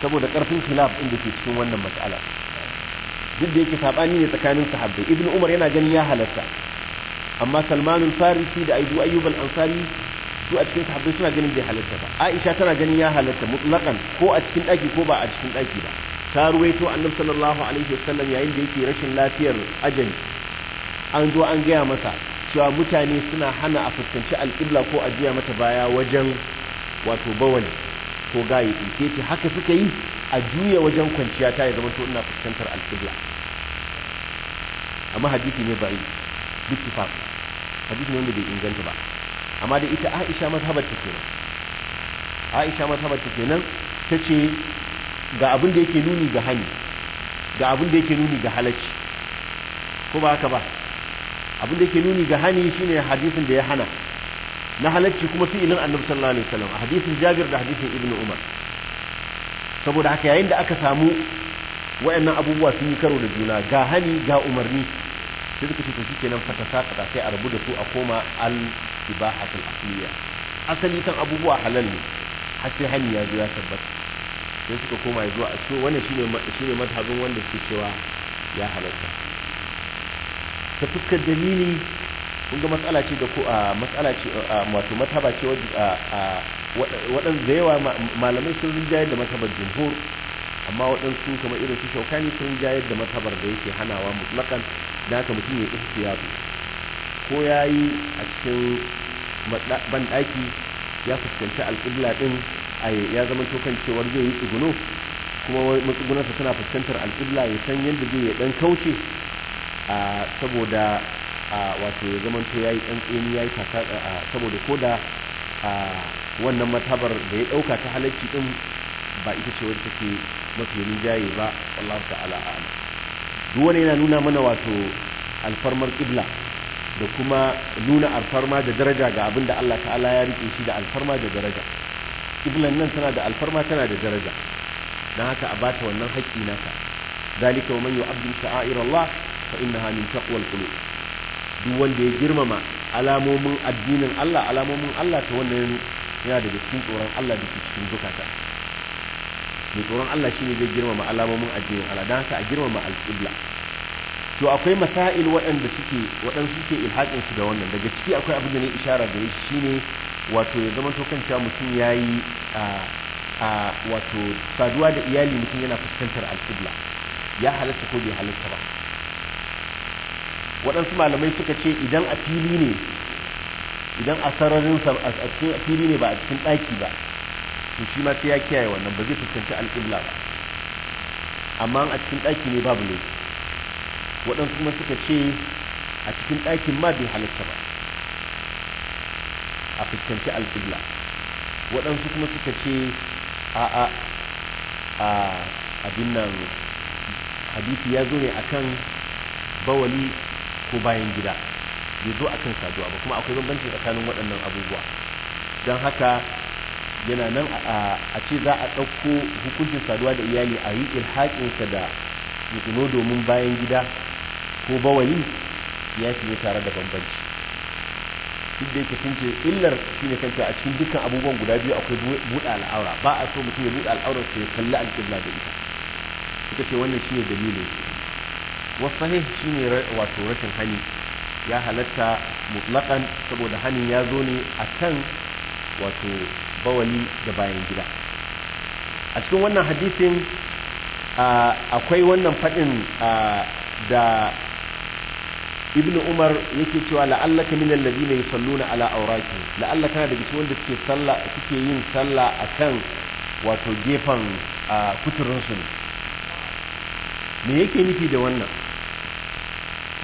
saboda ƙarfin khilaf ɗin da ke cikin wannan matsalar duk da yake sabani ne tsakanin sahabbai ibnu umar yana ganin ya halarta amma salmanul farisi da aibu ayyub al-ansari su a cikin sahabbai suna ganin bai halarta ba aisha tana ganin ya halatta mutlaqan ko a cikin daki ko ba a cikin daki ba ta ruwaito annab sallallahu alaihi wasallam yayin da yake rashin lafiyar ajali an zo an gaya masa cewa mutane suna hana a fuskanci alƙibla ko a juya mata baya wajen wato bawali ko gayi ce haka suka yi a juya wajen kwanciya ta ya zama to ina fuskantar alƙibla amma hadisi ne bari duk tifaf hadisi ne wanda bai inganta ba amma da ita aisha mazhabar ta kenan aisha mazhabar ta kenan ta ce ga abin da yake nuni ga hani ga abin da yake nuni ga halacci ko ba haka ba abin da yake nuni ga hani shine hadisin da ya hana na halacci kuma fi'ilin annabi sallallahu alaihi wasallam hadisin jabir da hadisin ibnu umar saboda haka yayin da aka samu wayannan abubuwa sun yi karo da juna ga hani ga umarni sai suka ce to shikenan fata sakata sai a rabu da su a koma al ibahatul asliya asali kan abubuwa halal ne har sai hani ya zo ya tabbata sai suka koma ya a so wannan shine shine madhabin wanda suke cewa ya halarta. ta fuskar dalili kun ga matsala ce da ko matsala ce wato mataba ce a waɗansu da yawa malamai sun rinjayar da matabar jumhur amma waɗansu kamar irin su shaukani sun rinjayar da matabar da yake hanawa mutlakan da haka mutum ya zo ko ya yi a cikin banɗaki ya fuskanci alƙibla ɗin a ya zama tokan cewar zai yi tsuguno kuma matsugunarsa tana fuskantar alƙibla ya san yadda zai ya ɗan kauce saboda wato ya zama to ya yi ɗan tsini ya yi saboda ko da wannan matabar da ya ɗauka ta halarci ɗin ba ita ce wadda take mafi rinjaye ba wallahu ta'ala a'lam duk wani yana nuna mana wato alfarmar ƙibla da kuma nuna alfarma da daraja ga abin da Allah ta'ala ya rike shi da alfarma da daraja ƙiblan nan tana da alfarma tana da daraja na haka a bata wannan haƙƙi naka dalika wa man yu'azzim sha'air Allah fa innaha min taqwal qulub duk wanda ya girmama alamomin addinin Allah alamomin Allah ta wannan yana daga cikin tsoron Allah da ke cikin zukata mai tsoron Allah shine zai girmama alamomin addinin Allah don haka a girmama alƙibla to akwai masail waɗanda suke waɗanda suke ilhaƙinsu su da wannan daga ciki akwai abin da ne ishara gare shi ne wato ya zama to kan cewa mutum yayi a wato saduwa da iyali mutum yana fuskantar alƙibla ya halatta ko bai halatta ba waɗansu malamai suka ce idan a fili ne idan a sararin a cikin fili ne ba a cikin ɗaki ba to shi ma sai ya kiyaye wannan ba zai fuskanci alƙibla ba amma a cikin ɗaki ne babu ne waɗansu kuma suka ce a cikin ɗakin ma bai halitta ba a fuskanci alƙibla waɗansu kuma suka ce a a abin nan hadisi ya zo ne akan bawali ko bayan gida bai zo akan saduwa ba kuma akwai bambanci tsakanin waɗannan abubuwa don haka yana nan a ce za a ɗauko hukuncin saduwa da iyali a yi ilhaƙinsa da mutuno domin bayan gida ko bawali ya shi tare da bambanci duk da yake sun ce illar shi ne kanta a cikin dukkan abubuwan guda biyu akwai buɗe al'aura ba a so mutum ya buɗe al'aurarsa ya kalli alƙibla da ita suka ce wannan shi ne dalilin su wasu sahih shi ne wato rashin hani ya halatta mutlaƙan saboda hanin ya zo ne a kan wato bawali da bayan gida a cikin wannan hadisin akwai wannan faɗin da ibn umar yake cewa la'allaka min allazina yusalluna ala awraki la'allaka na daga cikin wanda suke yin salla akan wato gefen kuturinsu ne me yake nufi da wannan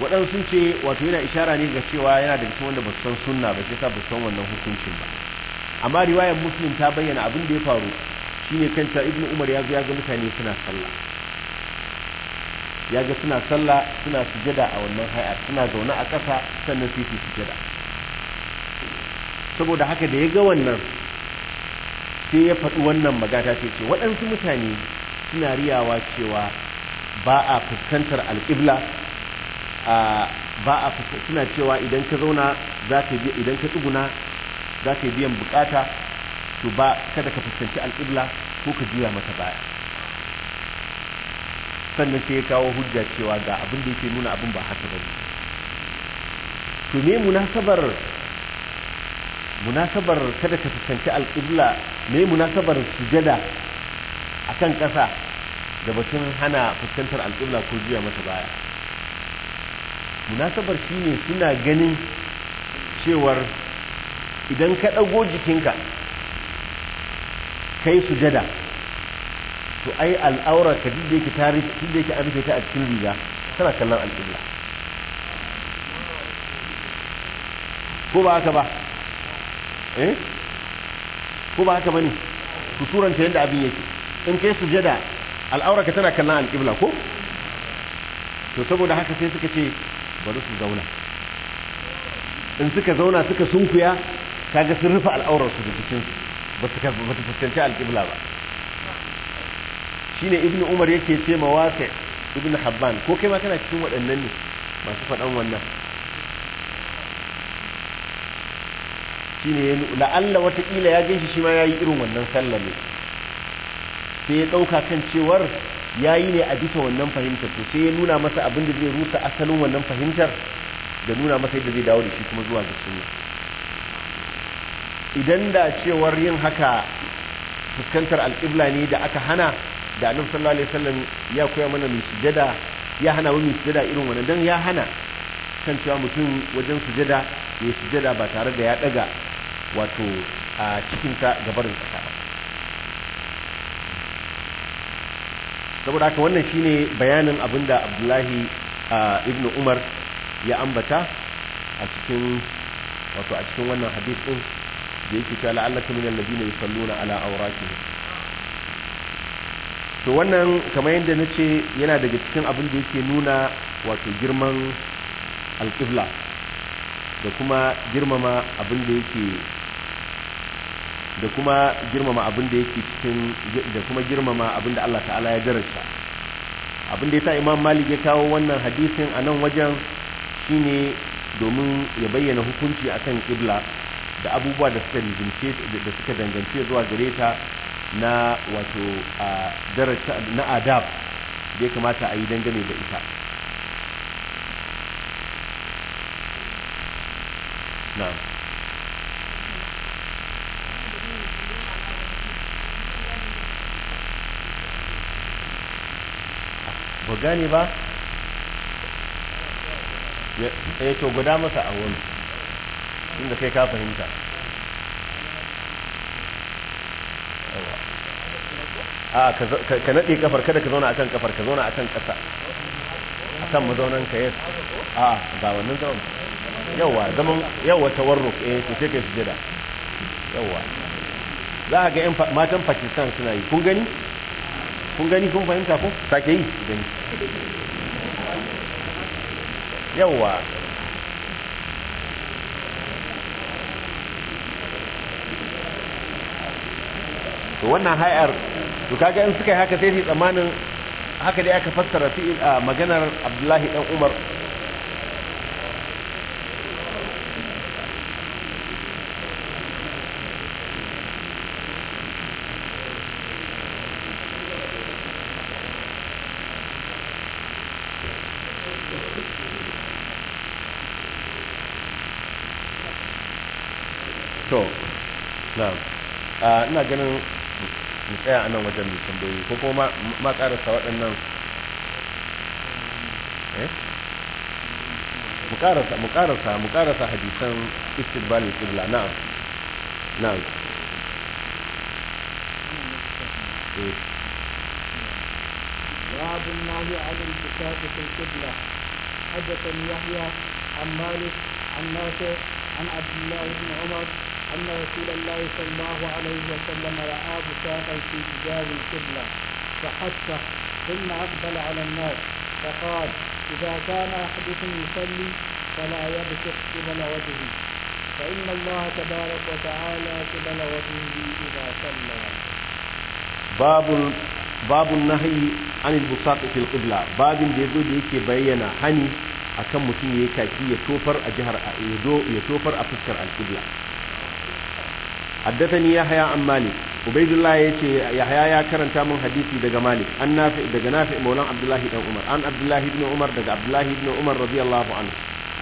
waɗansu ce wato yana ishara ne ga cewa yana da cikin wanda ba san sunna ba sai ba san wannan hukuncin ba amma riwayar muslim ta bayyana abin da ya faru shine kan cewa ibnu umar ya zo ya ga mutane suna sallah ya ga suna sallah suna sujada a wannan hay'ar suna zaune a ƙasa sannan su su sujada saboda haka da ya ga wannan sai ya faɗi wannan magata sai ce waɗansu mutane suna riyawa cewa ba a fuskantar alƙibla ba a suna cewa idan ka zauna idan ka tsuguna za ka yi biyan bukata to ba kada ka fuskanci alƙibla ko ka juya mata baya sannan sai ya kawo hujja cewa ga abin da yake nuna abin ba haka ba to me munasabar munasabar kada ka fuskanci alƙibla me munasabar sujada akan ƙasa da batun hana fuskantar alƙibla ko juya mata baya munasabar shi ne suna ganin cewar idan ka ɗago jikinka kai sujada to ai al'aurar ka duk da yake tarihi duk da yake ta a cikin riga tana kallon al'ibla ko ba haka ba eh ko ba haka bane su suranta yadda abin yake in kai sujada al'aurar ka tana kallon al'ibla ko to saboda haka sai suka ce bari su zauna in suka zauna suka sunkuya kaga sun rufe al'aurarsu da jikinsu ba ta fuskanci alƙibla ba shi ne ibn umar yake ce ma wasa ibn habban ko kai ma kana cikin waɗannan ne masu faɗan wannan nuna allah watakila ya gan shi ma ya yi irin wannan sallah ne sai ya ɗauka kan cewar ya yi ne a bisa wannan fahimtar to sai ya nuna masa abin da zai rusa asalin wannan fahimtar da nuna masa yadda zai dawo da shi kuma zuwa ga suna idan da cewar yin haka fuskantar alƙibla ne da aka hana da annabi sallallahu alaihi ya koya mana mu sujada ya hana mu sujada irin wannan dan ya hana kan cewa mutum wajen sujada ya sujada ba tare da ya daga wato a cikinsa gabarin kasa ba saboda haka wannan shine bayanin abinda abdullahi Ibnu umar ya ambata a cikin wato a cikin wannan hadith din da yake cewa la'allaka min alladhina yusalluna ala awratihim to wannan kamar yadda ce yana daga cikin abin da yake nuna wato girman alqibla da kuma girmama abin da yake da kuma girmama abin da yake cikin da kuma girmama abin da Allah ta'ala ya darasa abin da yasa Imam Malik ya kawo wannan hadisin a nan wajen shine domin ya bayyana hukunci akan kibla da abubuwa da suka rigince da suka dangance zuwa gare ta na wato darasta na adab da ya kamata a yi dangane da ita na'am gani ba ya eh to guda masa a wani inda kai ka fahimta a ka naɗe kafar kada ka zauna a kan kafar ka zauna a akan ƙasa kan mazaunan ka yes a ba wannan zaun yawa zaman yawa tawarruk eh to sai kai sujada yawa za a ga matan pakistan suna yi kun gani kun gani kun fahimta ko sake yi gani yawwa to wannan hayar to kaga in suka yi haka sai su tsamanin haka dai aka fassara fi'il a maganar abdullahi dan umar ina ganin mu tsaya a nan wajen mai tambayoyi ko kuma ma karasa waɗannan eh? mu karasa mu karasa mu karasa hadisan istidbal qibla na'am na'am eh. باب النهي عن الكتاب في القبلة حدث يحيى عن مالك عن نافع عن عبد الله بن عمر أن رسول الله صلى الله عليه وسلم رأى بكاء في تجاه القبلة فحثه ثم أقبل على الناس فقال إذا كان أحدكم يصلي فلا يبصق قبل وجهه فإن الله تبارك وتعالى قبل وجهه إذا صلى باب باب النهي عن البساط في القبلة باب يزو da بينا هني أكم akan mutum yayi kaki ya tofar a jihar ya tofar a fuskar haddathani yahya an malik ubaidullah yace yahya ya karanta mun hadisi daga malik an nafi daga nafi maulan abdullahi dan umar an abdullahi ibn umar daga abdullahi ibn umar radiyallahu anhu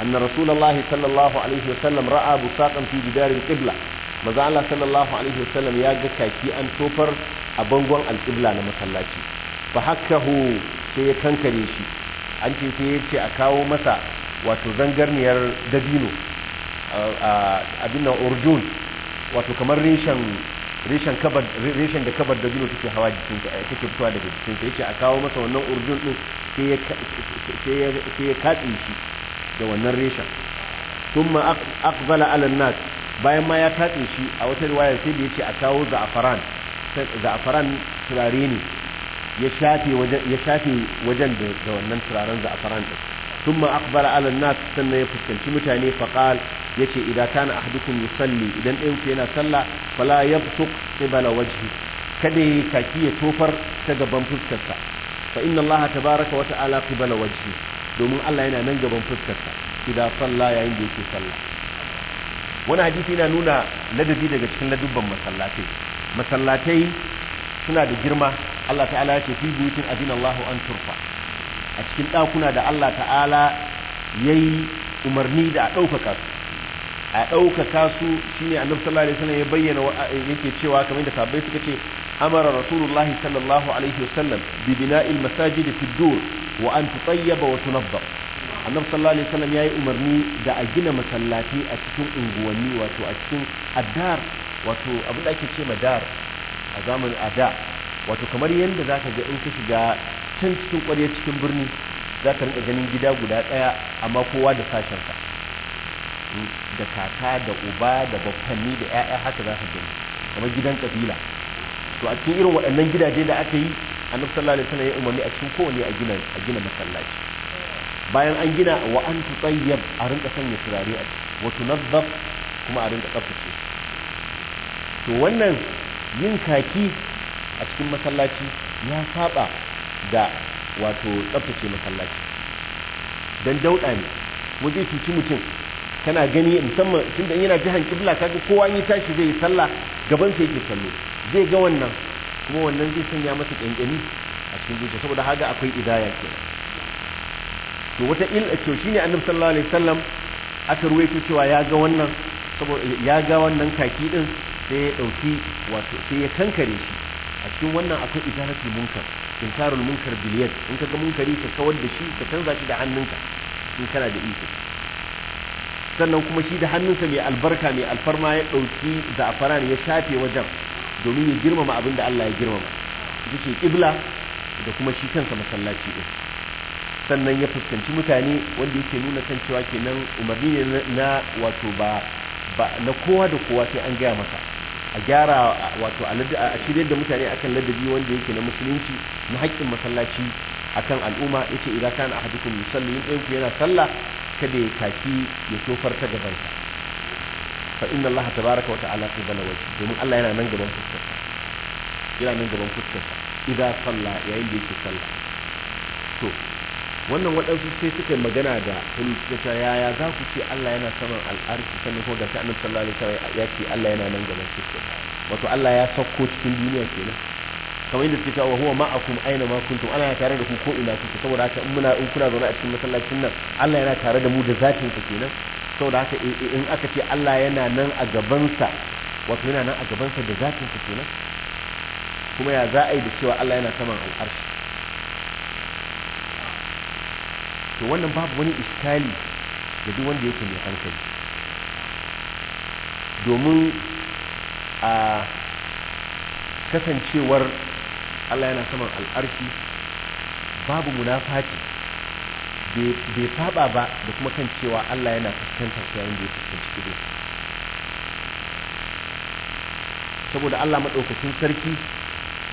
anna rasulullah sallallahu alaihi wasallam ra'a busaqan fi jidar al-qibla maza Allah sallallahu alaihi wasallam ya ga kaki an tofar a bangon al-qibla na masallaci fa hakkahu sai ya kankare shi an ce sai yace a kawo masa wato zangarniyar dabino a binan orjun. wato kamar reshen reshen kabar da kabar da bino take hawa jikin eh, take fitowa daga jikin yace a kawo masa wannan urjun din sai ya sai katse shi da wannan reshen thumma aqbala ala nas bayan ma ya katse shi a wata riwaya sai da yace a kawo za'afaran za'afaran turare ne ya shafe wajen da wannan turaren za'afaran din ثم أقبل على الناس سنة يفسكن شمتاني فقال يتي إذا كان أحدكم يصلي إذا إنفينا صلى فلا يبصق قبل وجهه كده كاكية توفر تقبن فسكسا فإن الله تبارك وتعالى قبل وجهه دوم الله ينا ننقبن فسكسا إذا صلى يعندي في صلى wani hadisi yana nuna ladabi daga cikin ladubban masallatai masallatai suna da girma Allah ta'ala ya ce fi buyutin azina Allahu an turfa a cikin ɗakuna da Allah ta'ala ya yi umarni da a ɗaukaka su a ɗaukaka su shi ne annabi sallallahu alaihi ya bayyana yake cewa kamar da sabbai suka ce amara rasulullah sallallahu alaihi wasallam bi il masajid fi dur wa an tutayyaba wa tunabba annabi sallallahu alaihi wasallam yayi umarni da a gina masallati a cikin unguwanni wato a cikin adar wato abin da ake ce madar a zamanin ada wato kamar yadda zaka ga in ka shiga can cikin ƙwarya cikin birni za ka rinka ganin gida guda ɗaya amma kowa da sashensa da kaka da uba da baffanni da 'ya'ya haka za ka gani kamar gidan kabila to a cikin irin waɗannan gidaje da aka yi a nufsallah da wasallam yi umarni a cikin kowane a gina masallaci bayan an gina wa an tutayyab a rinka sanya turare a ciki kuma a rinka tsaftace to wannan yin kaki a cikin masallaci ya saba da wato tsaftace masallaci don dauɗa ne mu zai cuci mutum kana gani musamman tun da yana jihan kibla kaga kowa yi tashi zai yi sallah gaban sa yake sallo zai ga wannan kuma wannan zai sanya masa kyankyani a cikin zuciya saboda haga akwai idaya ke. to wata il to shine annabi sallallahu alaihi wasallam aka ruwaito cewa ya ga wannan saboda ya ga wannan kaki din sai ya dauki wato sai ya kankare shi a cikin wannan akwai idaratul munkar inkarul munkar bil yad in kaga munkari ka kawar da shi ka canza shi da hannunka in kana da iko sannan kuma shi da hannunsa mai albarka mai alfarma ya dauki za'afaran ya shafe wajen domin ya girmama abin da Allah ya girmama ita ce kibla da kuma shi kansa masallaci din sannan ya fuskanci mutane wanda yake nuna kan cewa kenan umarni ne na wato ba na kowa da kowa sai an gaya masa a gyara wato a shirya da mutane akan ladabi wanda yake na musulunci na haƙƙin masallaci akan al'umma yace idza kana ahadukum yusalli in ɗayanku yana sallah kada ya kaki ya tofar ta gabansa fa inna Allah tabaraka wa ta'ala qibala wajhi domin Allah yana nan gaban fuskarsa yana nan gaban fuskarsa yayin da yake sallah to wannan waɗansu sai suka magana da hulu suka ce yaya za ku ce Allah yana saman al'arshi sannan kuma gashi annabi sallallahu alaihi wasallam ya ce Allah yana nan gaban shi wato Allah ya sauko cikin duniya kenan kamar yadda ce wa huwa ma'akum aina ma kuntum Allah yana tare da ku ko ina kuke saboda haka in muna in kuna zaune a cikin masallacin nan Allah yana tare da mu da zatin sa kenan saboda haka in aka ce Allah yana nan a gaban sa wato yana nan a gaban sa da zatin sa kenan kuma ya za a yi da cewa Allah yana saman al'arshi to wannan babu wani iskali da duk wanda yake mai hankali domin a kasancewar Allah yana saman al'arfi babu munafaci bai saba ba da kuma kan cewa Allah yana fuskantar ta yayin da ya fuskanci ido saboda Allah maɗaukakin sarki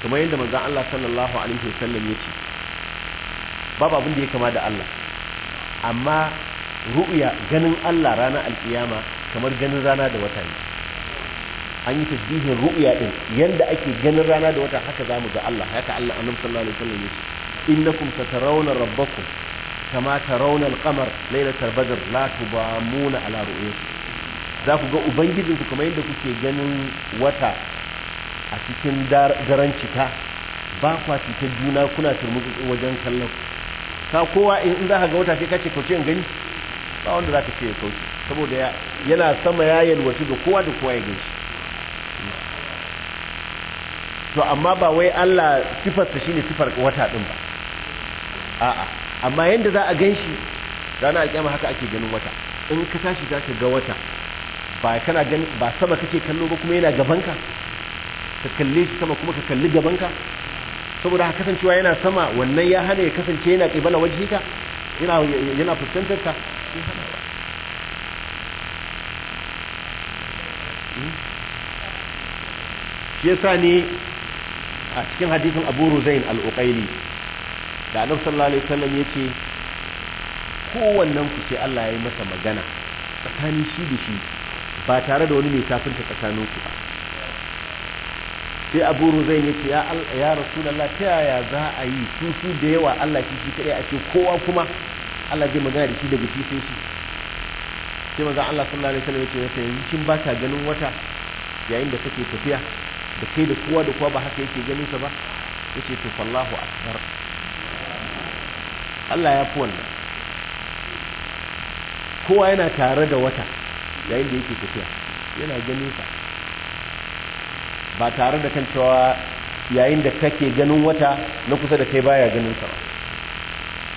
kamar yadda manzan Allah sallallahu alaihi wasallam ya ce babu abin ya kama da Allah amma ru'uya ganin Allah rana alkiyama kamar ganin rana da wata ne an yi tasbihin ru'uya din yanda ake ganin rana da wata haka zamu ga Allah haka Allah annabi sallallahu alaihi wasallam yace innakum satarawna rabbakum kama tarawna alqamar qamar laylatal badr la tubamuna ala ru'yati za ku ga ubangijinku kamar yadda kuke ganin wata a cikin daren cika ba kwa cikin juna kuna turmutsu wajen kallon ku. ka kowa in za ka ga wata sai ka ce kauce in gani ba wanda za ka ce ya kauce saboda yana sama ya yalwaci ga kowa da kowa ya gan shi to amma ba wai Allah shi shine sifar wata ɗin ba a'a amma yadda za a gan shi rana alƙiyama haka ake ganin wata in ka tashi za ka ga wata ba kana gani ba sama kake kallo ba kuma yana gabanka ka kalle shi sama kuma ka kalli gabanka saboda haka kasancewa yana sama wannan ya hana ya kasance yana ƙibala wajhika yana yana fuskantar ka hmm? shi yasa ne a cikin hadithin Abu Ruzain al da Annabi sallallahu alaihi wasallam ce kowannen ku ce Allah ya yi masa magana tsakanin shi da shi ba tare da wani mai tafinta tsakaninku ba sai abu ruzai ya ce ya da ta za a yi su su da yawa allah shi shi kadai a ce kowa kuma allah zai magana da shi daga shi sai shi sai maza allah sallallahu alaihi wasallam ya ce mata yanzu shin baka ganin wata yayin da kake tafiya da kai da kowa da kowa ba haka yake ganin sa ba ya ce to fallahu akbar allah ya fi wannan kowa yana tare da wata yayin da yake tafiya yana ganin sa ba tare da kan cewa yayin da kake ganin wata na kusa da kai baya ganin sa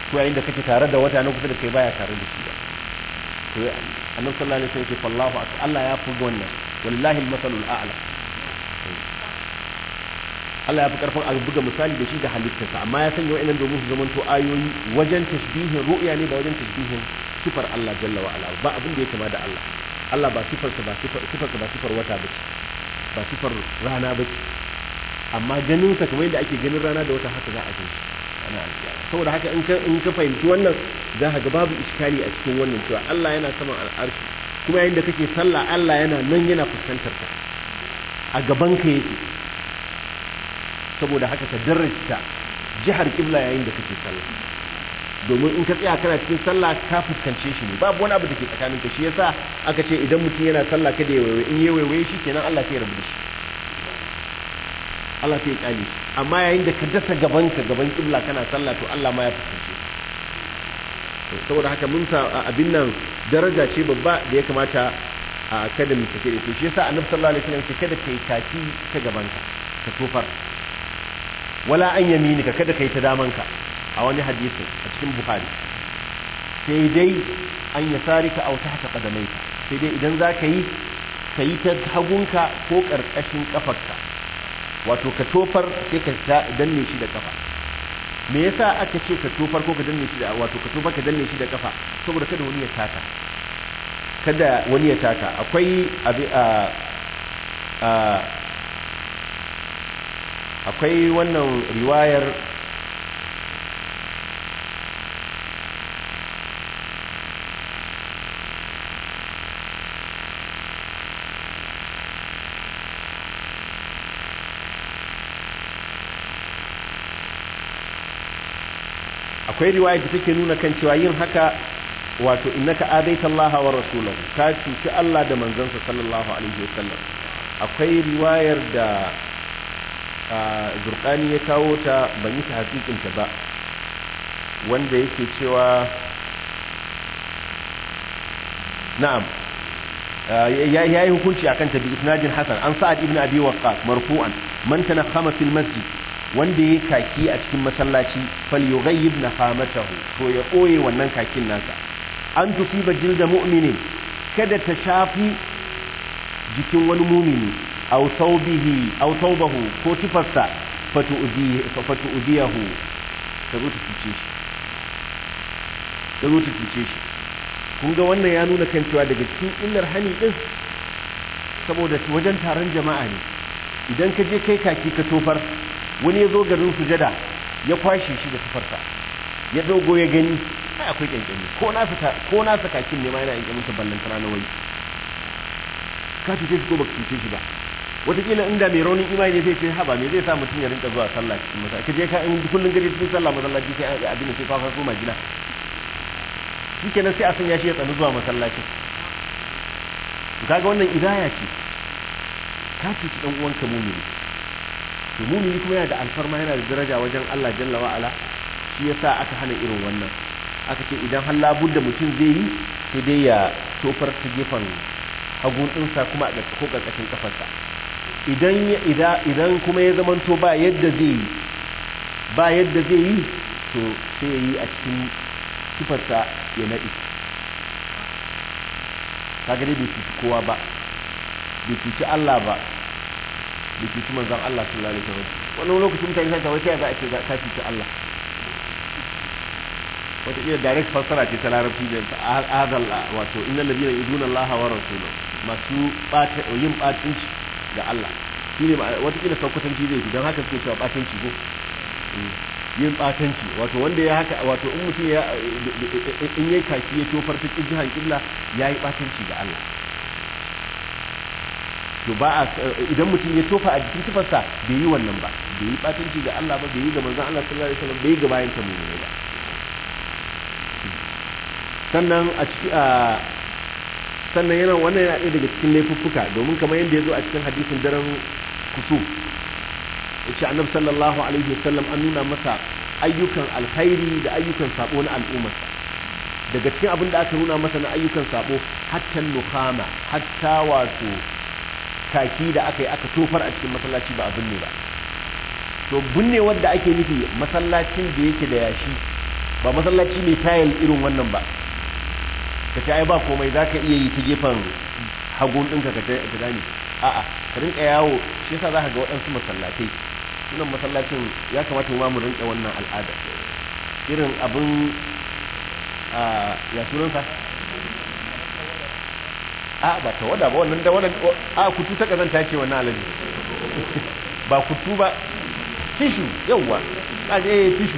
ko yayin da kake tare da wata na kusa da kai baya tare da shi ba to annabi sallallahu alaihi wasallam ya ce fallahu Allah ya fi wannan wallahi al-masalul a'la Allah ya fi karfin a buga misali da shi da halittarsa amma ya sanya wa'annan domin su zamanto ayoyi wajen tashbihin ru'ya ne da wajen tashbihin sifar Allah jalla wa ala ba abin da ya kama da Allah Allah ba sifarsa ba sifar ba sifar wata bace ba sifar rana ba ce amma ganinsa kamar yadda ake ganin rana da wata haka za a gan ana alkiyama saboda haka in ka fahimci wannan za ka ga babu iskali a cikin wannan cewa Allah yana saman al'arshi kuma yayin da kake sallah Allah yana nan yana fuskantar ka a gaban ka yake saboda haka ka darrasta jihar kibla yayin da kake sallah domin in ka tsaya kana cikin sallah ka fuskance shi ne babu wani abu da ke tsakaninka shi yasa aka ce idan mutum yana sallah kada ya waiwaye in ya waiwaye shi kenan Allah sai ya rabu da shi Allah sai ya kyale shi amma yayin da ka dasa gaban ka gaban kibla kana sallah to Allah ma ya fuskance saboda haka mun sa abin nan daraja ce babba da ya kamata a kada mu sake da to shi yasa annabi sallallahu alaihi wasallam ce kada kai kaki ta gaban ka ka tofar wala an yaminika kada kai ta damanka. a wani hadisin a cikin bukhari sai dai an ya sarika au tahta qadamaika sai dai idan za ka yi ka yi ta hagunka ko ƙarƙashin ƙafarka wato ka tofar sai ka danne shi da ƙafa. me yasa aka ce ka tofar ko ka danne shi da wato ka tofar ka danne shi da ƙafa saboda kada wani ya taka kada wani ya taka akwai abi a akwai wannan riwayar akwai riwaya da take nuna kan cewa yin haka wato innaka adaita Allah wa rasulahu ka cuci Allah da manzansa sallallahu alaihi wasallam akwai riwayar da zurqani ya kawo ta ban yi ta ta ba wanda yake cewa na'am yayi hukunci akan ta bi isnadin hasan an sa'ad ibn abi waqqas marfu'an man tanakhama fil masjid wanda ya kaki a cikin masallaci falyughayyib nafamatahu to ya koye wannan kakin nasa an tusiba jilda mu'minin kada ta shafi jikin wani mumini aw ko tufarsa ta zo ta cuce shi shi kun ga wannan ya nuna kan cewa daga cikin illar hani din saboda wajen taron jama'a ne idan ka je kai kaki ka tofar wani ya zo garin sujada ya kwashe shi da tufarsa ya dogo ya gani ai akwai kyankyami ko nasa kakin ne ma yana yankyamin sa ballan tana wai ka cuce shi ko baka cuce shi ba wataƙila inda mai raunin imani zai sai ce haba mai zai sa mutum ya rinka zuwa sallah cikin masallaci ka je ka in kullum gaje cikin sallah masallaci sai abin da sai kwafa so majina shikenan sai a sanya shi ya tsani zuwa masallacin kaga wannan idaya ce ka cuci dan uwanka mumini to mumini kuma yana da alfarma yana da daraja wajen Allah jalla wa ala shi yasa aka hana irin wannan aka ce idan har da mutum zai yi sai dai ya tofar ta gefen hagun ɗinsa kuma a ko ƙarƙashin kafarsa idan idan kuma ya zamanto ba yadda zai yi ba yadda zai yi to sai ya yi a cikin kifarsa ya naɗi kaga dai bai cuci kowa ba bai cuci Allah ba da ke ci manzan Allah sallallahu alaihi wasallam wannan lokacin mutane sai tawai kai ga a ce ga kashi ta Allah wata iya direct fassara ce ta larabci da azal wato innal ladina yuduna Allah wa rasuluhu masu bata yin batunci ga Allah shine wata kila saukatanci zai fi dan haka suke cewa batunci ko yin batanci wato wanda ya haka wato in mutum ya in yayi kaki ya tofar ta jihan kibla yayi batanci ga Allah to ba a idan mutum ya tofa a jikin tufarsa bai yi wannan ba bai yi batanci ga Allah ba bai yi ga manzon Allah sallallahu alaihi wasallam bai yi ga bayan ta mu'mini ba sannan a ciki a sannan yana wannan yana daga cikin laifuffuka domin kamar yadda ya zo a cikin hadisin daren kusu yace annab sallallahu alaihi wasallam an nuna masa ayyukan alkhairi da ayyukan sabo na al'ummarsa daga cikin abin da aka nuna masa na ayyukan sabo hatta nukhama hatta wato kaki da aka yi aka tofar a cikin masallaci ba a binne ba to binne wanda ake nufi masallacin da yake da yashi ba masallaci mai tayal irin wannan ba ka ce ba komai za ka iya yi ta gefen hagu ɗinka ka ta gani a'a ka rinka yawo shi yasa za ka ga waɗansu masallatai sunan masallacin ya kamata ma mu rinka wannan al'ada irin abin ah, ya sunansa a ba ta wada ba wannan da wannan a kutu ta kazanta ce wannan alaji ba kutu ba tishu yawwa a eh tishu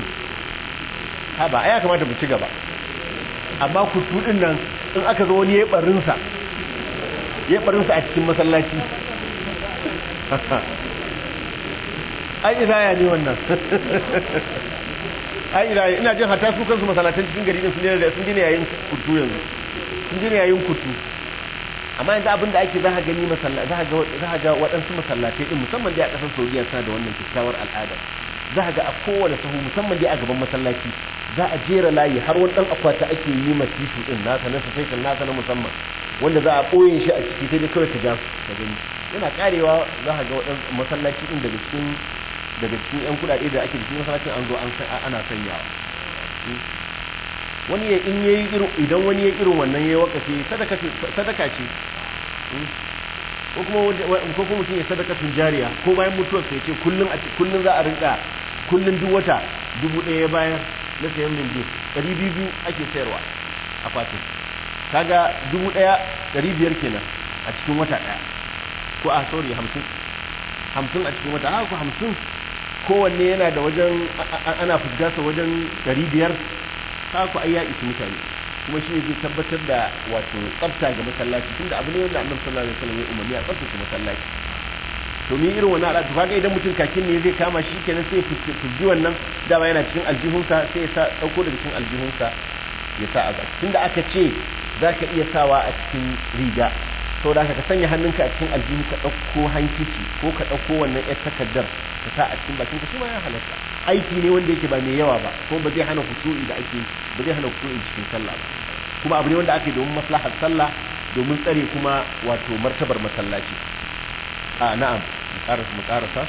ha ba ya kamata mu ci gaba amma kutu din nan in aka zo wani ya barin sa ya barin sa a cikin masallaci ai iraya ne wannan ai iraya ina jin hata su kansu masallatan cikin gari din sun dina yayin kutu yanzu sun dina yayin kutu amma yanzu abin da ake za gani za ga waɗansu masallatai ɗin musamman dai a ƙasar saudiya suna da wannan kyakkyawar al'adar za ga a kowane sahu musamman dai a gaban masallaci za a jera layi har wani ɗan akwata ake yi ma tishu ɗin nasa na sufetin nasa na musamman wanda za a ɓoye shi a ciki sai dai kawai ka ja ka gani yana karewa za ka ga waɗansu masallaci ɗin daga cikin daga cikin 'yan kuɗaɗe da ake da cikin masallacin an zo ana sanyawa hmm. wani ya in yayi irin idan wani ya irin wannan yayi wakafi sadaka ce sadaka ce hmm? ko kuma ko kuma mutum ya sadaka tun jariya ko bayan mutuwar sai ce kullun a kullun za a rinka kullun duk wata dubu ɗaya ya bayar na sayan min biyu ɗari biyu biyu ake sayarwa a fatin kaga dubu ɗaya ɗari biyar kenan a cikin wata ɗaya ko a ah, sorry hamsin hamsin a cikin wata a ah, ko hamsin kowanne yana da wajen ana fusgasa wajen ɗari biyar kaku ai ya isi mutane kuma shi zai tabbatar da wato tsafta ga masallaci tunda abu ne wanda annabi sallallahu alaihi wasallam ya umarni a tsaftace masallaci to mi irin wannan al'adu ga idan mutum kakin ne zai kama shi kenan sai fujji wannan dama yana cikin aljihunsa sai ya sa dauko daga cikin aljihunsa ya sa a tunda aka ce zaka iya sawa a cikin riga saboda haka ka sanya hannunka a cikin aljihu ka ɗauko hankici ko ka ɗauko wannan 'yar takardar ka sa a cikin bakinka shi ma ya halatta aiki ne wanda yake ba mai yawa ba kuma ba zai hana kusuri da ake ba zai hana kusuri cikin sallah ba kuma abu ne wanda ake domin maslahar sallah domin tsare kuma wato martabar masallaci a na'am mu karasa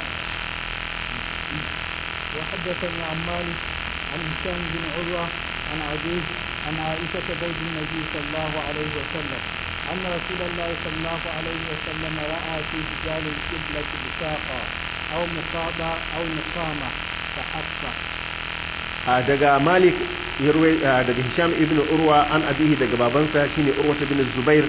وحدثني عن مالك عن هشام بن عروة عن عزيز عن عائشة زوج النبي صلى الله عليه وسلم أن رسول الله صلى الله wa وسلم رأى في رجال القبلة بساقا أو مصابة أو نقامة daga malik daga hisham ibn urwa an abihi daga babansa shine urwa ta bin zubair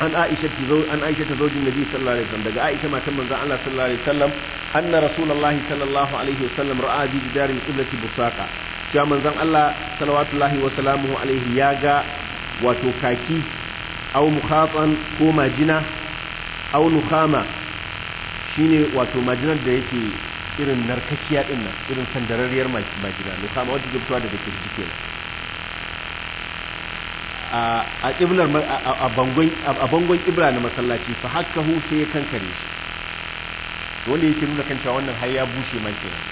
an aisha an aisha ta zaujin nabi sallallahu alaihi wasallam daga aisha matan manzon Allah sallallahu alaihi wasallam anna rasulullahi sallallahu alaihi wasallam ra'a bi jidarin qiblati busaqa cewa manzon Allah sallallahu wa salamuhu alaihi ya ga wato kaki aw mukhatan ko majina aw nukhama ne wato majinar da yake irin narkakiya ɗin nan irin sandararriyar majina lokama wadda ke fitowa daga kirji kenan a a bangon ibra na masallaci fa haka hu sai ya kankare shi wanda yake nuna kan cewa wannan har ya bushe ma kenan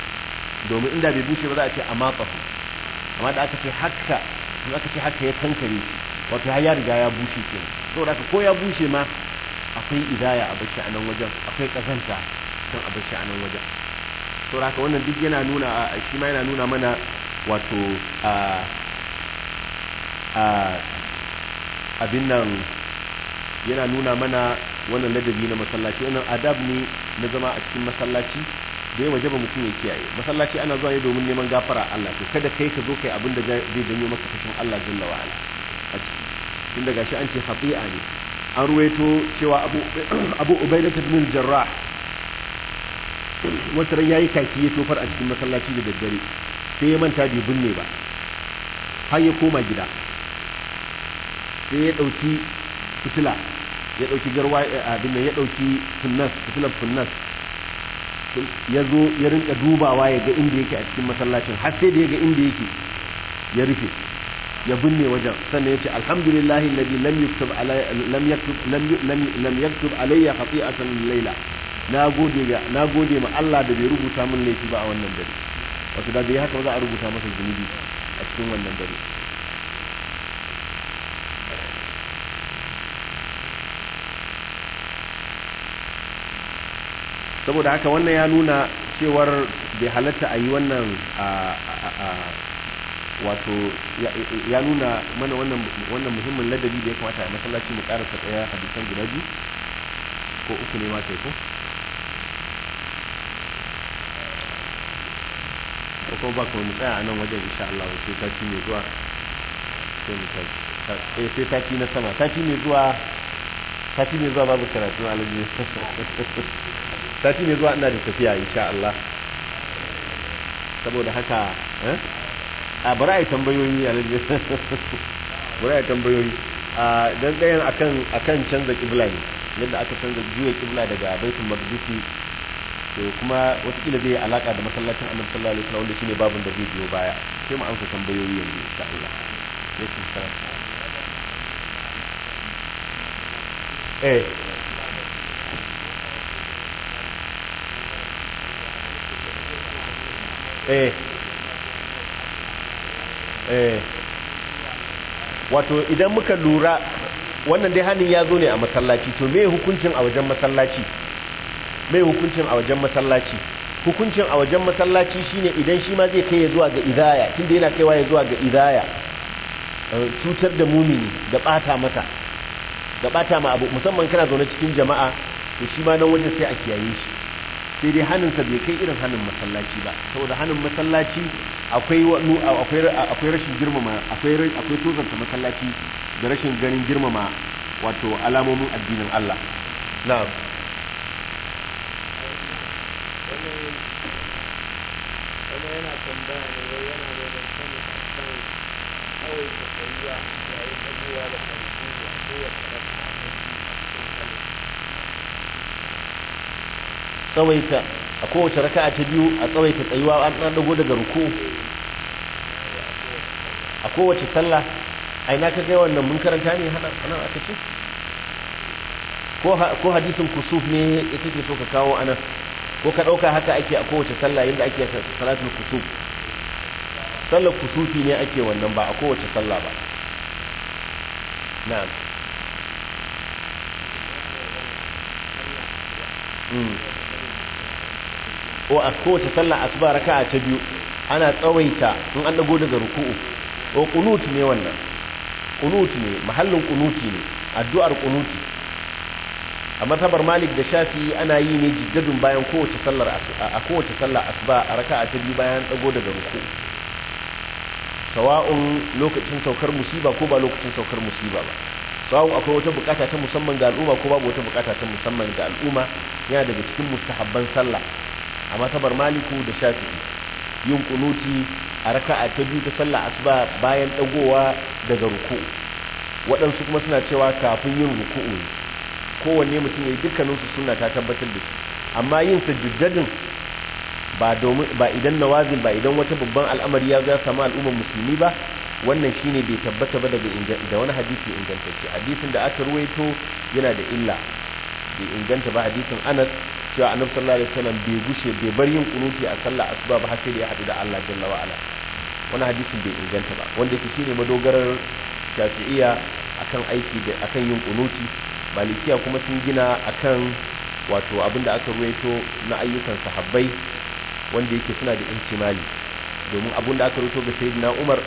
domin inda bai bushe ba za a ce a matsafu amma da aka ce haka in aka ce haka ya kankare shi wato har ya riga ya bushe kenan saboda ko ya bushe ma akwai idaya a bacci a nan wajen akwai kazanta kan a bacci a nan wajen to haka wannan duk yana nuna shi ma yana nuna mana wato abin nan yana nuna mana wannan ladabi na masallaci wannan adab ne na zama a cikin masallaci da ya waje ba mutum ya kiyaye masallaci ana zuwa ne domin neman gafara Allah to kada kai ka zo kai abin da zai janyo maka fushin Allah jalla wa a ciki tun daga shi an ce khati'a ne an ruwaito cewa abu ubaida ibn jarra wata ran yayi kaki ya tofar a cikin masallaci da daddare sai ya manta bai binne ba har ya koma gida sai ya dauki fitila ya dauki garwa abin ya dauki funnas fitilar funnas ya zo ya rinka dubawa ya ga inda yake a cikin masallacin har sai da ya ga inda yake ya rufe ya binne wajen sannan ya ce alhamdulillahi alladhi lam yaktub lam yaktub lam alayya khati'atan layla na gode na gode ma Allah da bai rubuta min laifi ba a wannan dare wato da bai haka ba za a rubuta masa zunubi a cikin wannan dare saboda haka wannan ya nuna cewar bai halatta a yi wannan a wato ya nuna mana wannan muhimmin ladabi da ya kamata a masallaci mu karasa daya hadisan guda biyu ko uku ne ma kai ko ko ba kuma mu tsaya a nan wajen insha Allah sai sati mai zuwa sai mu tashi eh sai sati na sama sati mai zuwa sati mai zuwa babu karatu alaji sati mai zuwa ina da tafiya insha Allah saboda haka eh a bari a yi tambayoyi a lalje bari a yi tambayoyi a don ɗayan akan canza ƙibla ne yadda aka canza juya ƙibla daga baitul magdisi to kuma watakila zai yi alaƙa da masallacin annabi sallallahu alaihi wasallam wanda shine babin da zai biyo baya sai mu amsa tambayoyi yanzu insha Allah alaikum salam eh eh Eh. wato idan muka lura wannan dai hannun ya zo ne a masallaci to me hukuncin a wajen masallaci mai hukuncin a wajen masallaci hukuncin a wajen masallaci shine idan shi ma zai kai ya zuwa ga idaya tunda yana kaiwa ya zuwa ga idaya eh, cutar da mumini da bata mata da bata ma abu musamman kana zaune cikin jama'a to shi ma nan wajen sai a kiyaye shi sai dai sa bai kai irin hannun masallaci ba saboda hannun masallaci akwai akwai rashin girmama akwai akwai masallaci da rashin ganin girmama wato alamomin addinin Allah na'am yana tambaya ne yana da kawai tsawaita a kowace raka'a ta biyu a tsawaita tsayuwa an ɗan dago daga ruku a kowace sallah ai na kaga wannan mun karanta ne hannun nan aka ce ko hadisun kusuf ne kake so ka kawo anan ko ka ɗauka haka ake a kowace sallah yadda ake salatul kusuf sallar kusufi ne ake wannan ba a kowace sallah ba na'am hmm. ko a kowace sallah asuba raka'a ta biyu ana tsawaita in an dago daga ruku'u ko qunut ne wannan qunut ne mahallin qunuti ne addu'ar qunuti a matabar malik da shafi ana yi ne jiddadun bayan kowace sallar a kowace sallar asuba a raka'a ta biyu bayan dago daga ruku'u sawa'un lokacin saukar musiba ko ba lokacin saukar musiba ba sawa'un akwai wata bukata ta musamman ga al'umma ko babu wata bukata ta musamman ga al'umma yana daga cikin mustahabban sallah a matabar maliku da shafi'i yin kunuti a raka'a ta biyu ta sallah asuba bayan dagowa daga ruku'u waɗansu kuma suna cewa kafin yin ruku'u kowanne mutum ya yi dukkaninsu suna ta tabbatar da shi amma yin sajjadin ba idan nawazin ba idan wata babban al'amari ya za samu al'ummar musulmi ba wannan shine bai tabbata ba daga da wani hadisi ingantacce hadisin da aka ruwaito yana da illa bai inganta ba hadisin Anas cewa annabi sallallahu alaihi wasallam bai gushe bai bar yin kunuti a sallar asuba ba har sai da ya hadu da Allah jalla wa ala hadisin bai inganta ba wanda yake shine madogarar shafi'iyya akan aiki da akan yin kunuti malikiya kuma sun gina akan wato abinda aka ruwaito na ayyukan sahabbai wanda yake suna da intimali domin abinda aka ruwaito ga sayyidina Umar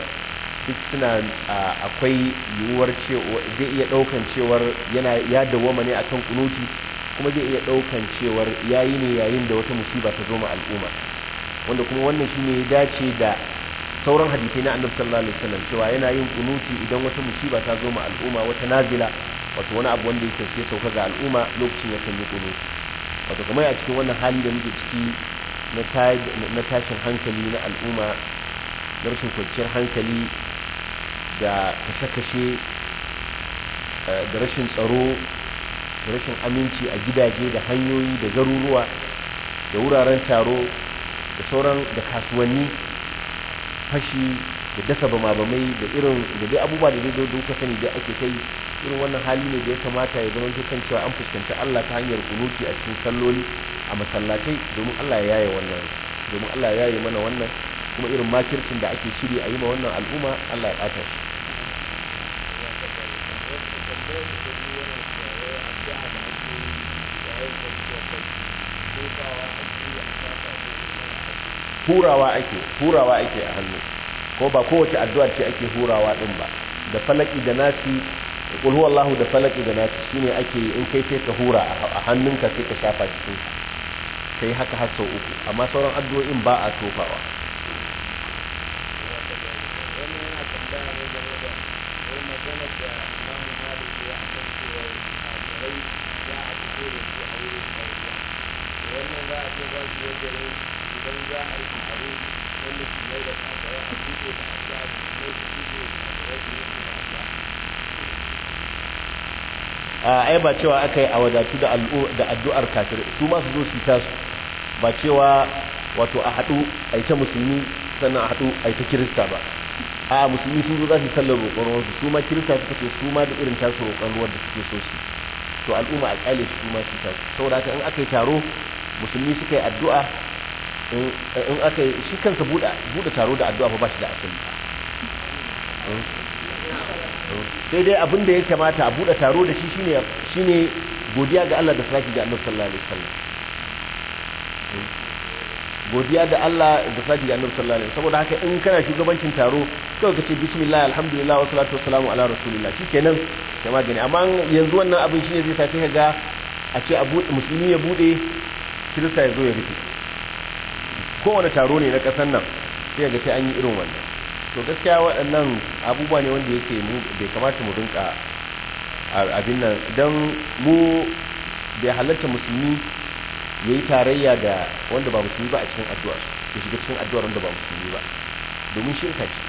duk suna akwai yiwuwar cewa zai iya daukan cewar yana ya dawoma ne akan kunuti kuma zai iya ɗaukan cewar yayi ne yayin da wata musiba ta zo ma al'umma wanda kuma wannan shine ya dace da sauran hadisai na annabi sallallahu alaihi wasallam cewa yana yin kunuti idan wata musiba ta zo ma al'umma wata nazila wato wani abu wanda yake sai sauka ga al'umma lokacin ya kan yi kunuti wato kamar a cikin wannan hali da muke ciki na tashin hankali na al'umma na rashin kwanciyar hankali da kashe-kashe eh, da rashin tsaro da rashin aminci a gidaje da hanyoyi da garuruwa da wuraren taro da sauran da kasuwanni fashi da dasa ba bamabamai da irin da dai abubuwa da dai duka sani da ake ta yi irin wannan hali ne da ya kamata ya zama dukkan cewa an fuskanci Allah ta hanyar kunuti a cikin salloli a masallatai domin Allah ya yaye wannan domin Allah ya yaye mana wannan kuma irin makircin da ake shiri a yi ma wannan al'umma Allah ya ɓata shi hurawa ake hurawa ake a hannu ko ba kowace addu'a ce ake hurawa din ba da falaki da nasi qul wallahu da falaki da nasi shine ake yi in kai sai ka hura a hannunka sai ka shafa cikin kai haka har sau uku amma sauran addu'o'in ba a tofawa wannan za a ce ba su yadda ne idan za a yi taro na musulmai da kafirai a buɗe da asa a musulmai su buɗe da kafirai su buɗe da a ai ba cewa aka yi a wadatu da addu'ar kafir su ma su zo su tasu ba cewa wato a haɗu a ta musulmi sannan a haɗu a ta kirista ba a musulmi sun zo za su sallar roƙon ruwansu su ma kirista suka ce su ma da irin tasu roƙon ruwan da suke so su to al'umma a ƙyale su ma su tasu saboda haka in aka yi taro musulmi suka yi addu'a in aka yi shi kansa buɗe taro da addu'a ba shi da asali hmm? Hmm? sai dai abin da ya kamata a buɗe taro da shi shine godiya ga Allah da saki ga annabi sallallahu alaihi wasallam hmm? godiya da Allah da saki ga annabi sallallahu alaihi saboda haka in kana shugabancin taro kawai ce bismillah alhamdulillah wa salatu wassalamu ala rasulillah shikenan jama'a gani amma yanzu wannan abin shine zai sace ka ga a ce musulmi ya bude kirista ya zo ya rufe kowane taro ne na kasan nan sai ga sai an yi irin wannan to gaskiya waɗannan abubuwa ne wanda yake bai kamata mu rinka abin nan don mu bai halatta musulmi ya yi tarayya da wanda ba musulmi ba a cikin addu'ar su shiga cikin addu'ar wanda ba musulmi ba domin shirka ce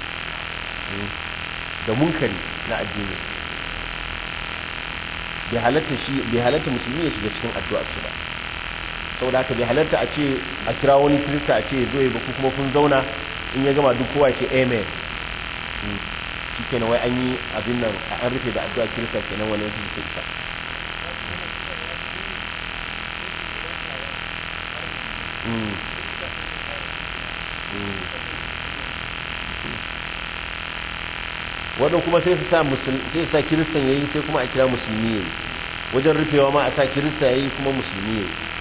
da munkari na addini bai halatta musulmi ya shiga cikin addu'ar su ba saboda haka bai halarta a ce a kira wani krista a ce zo ba ku kuma kun zauna in ya gama duk kowa ce amen hmm. shi ke wai an yi abin nan a an rufe da addu'a kirista ke nan wani yanzu da isa hmm. hmm. wadda kuma sai su sa kiristan ya yi sai kuma a kira musulmi ya yi wajen rufewa ma a sa kirista ya yi kuma musulmi ya yi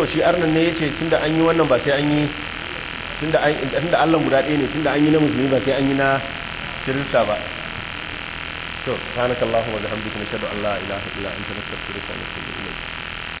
to shi arnan ne ya ce tun da an yi wannan ba sai an yi tun da allon guda ɗaya ne tun da an yi na musulmi ba sai an yi na kirista ba to subhanakallahumma wa bihamdika nashhadu an la ilaha illa anta nastaghfiruka wa natubu ilayk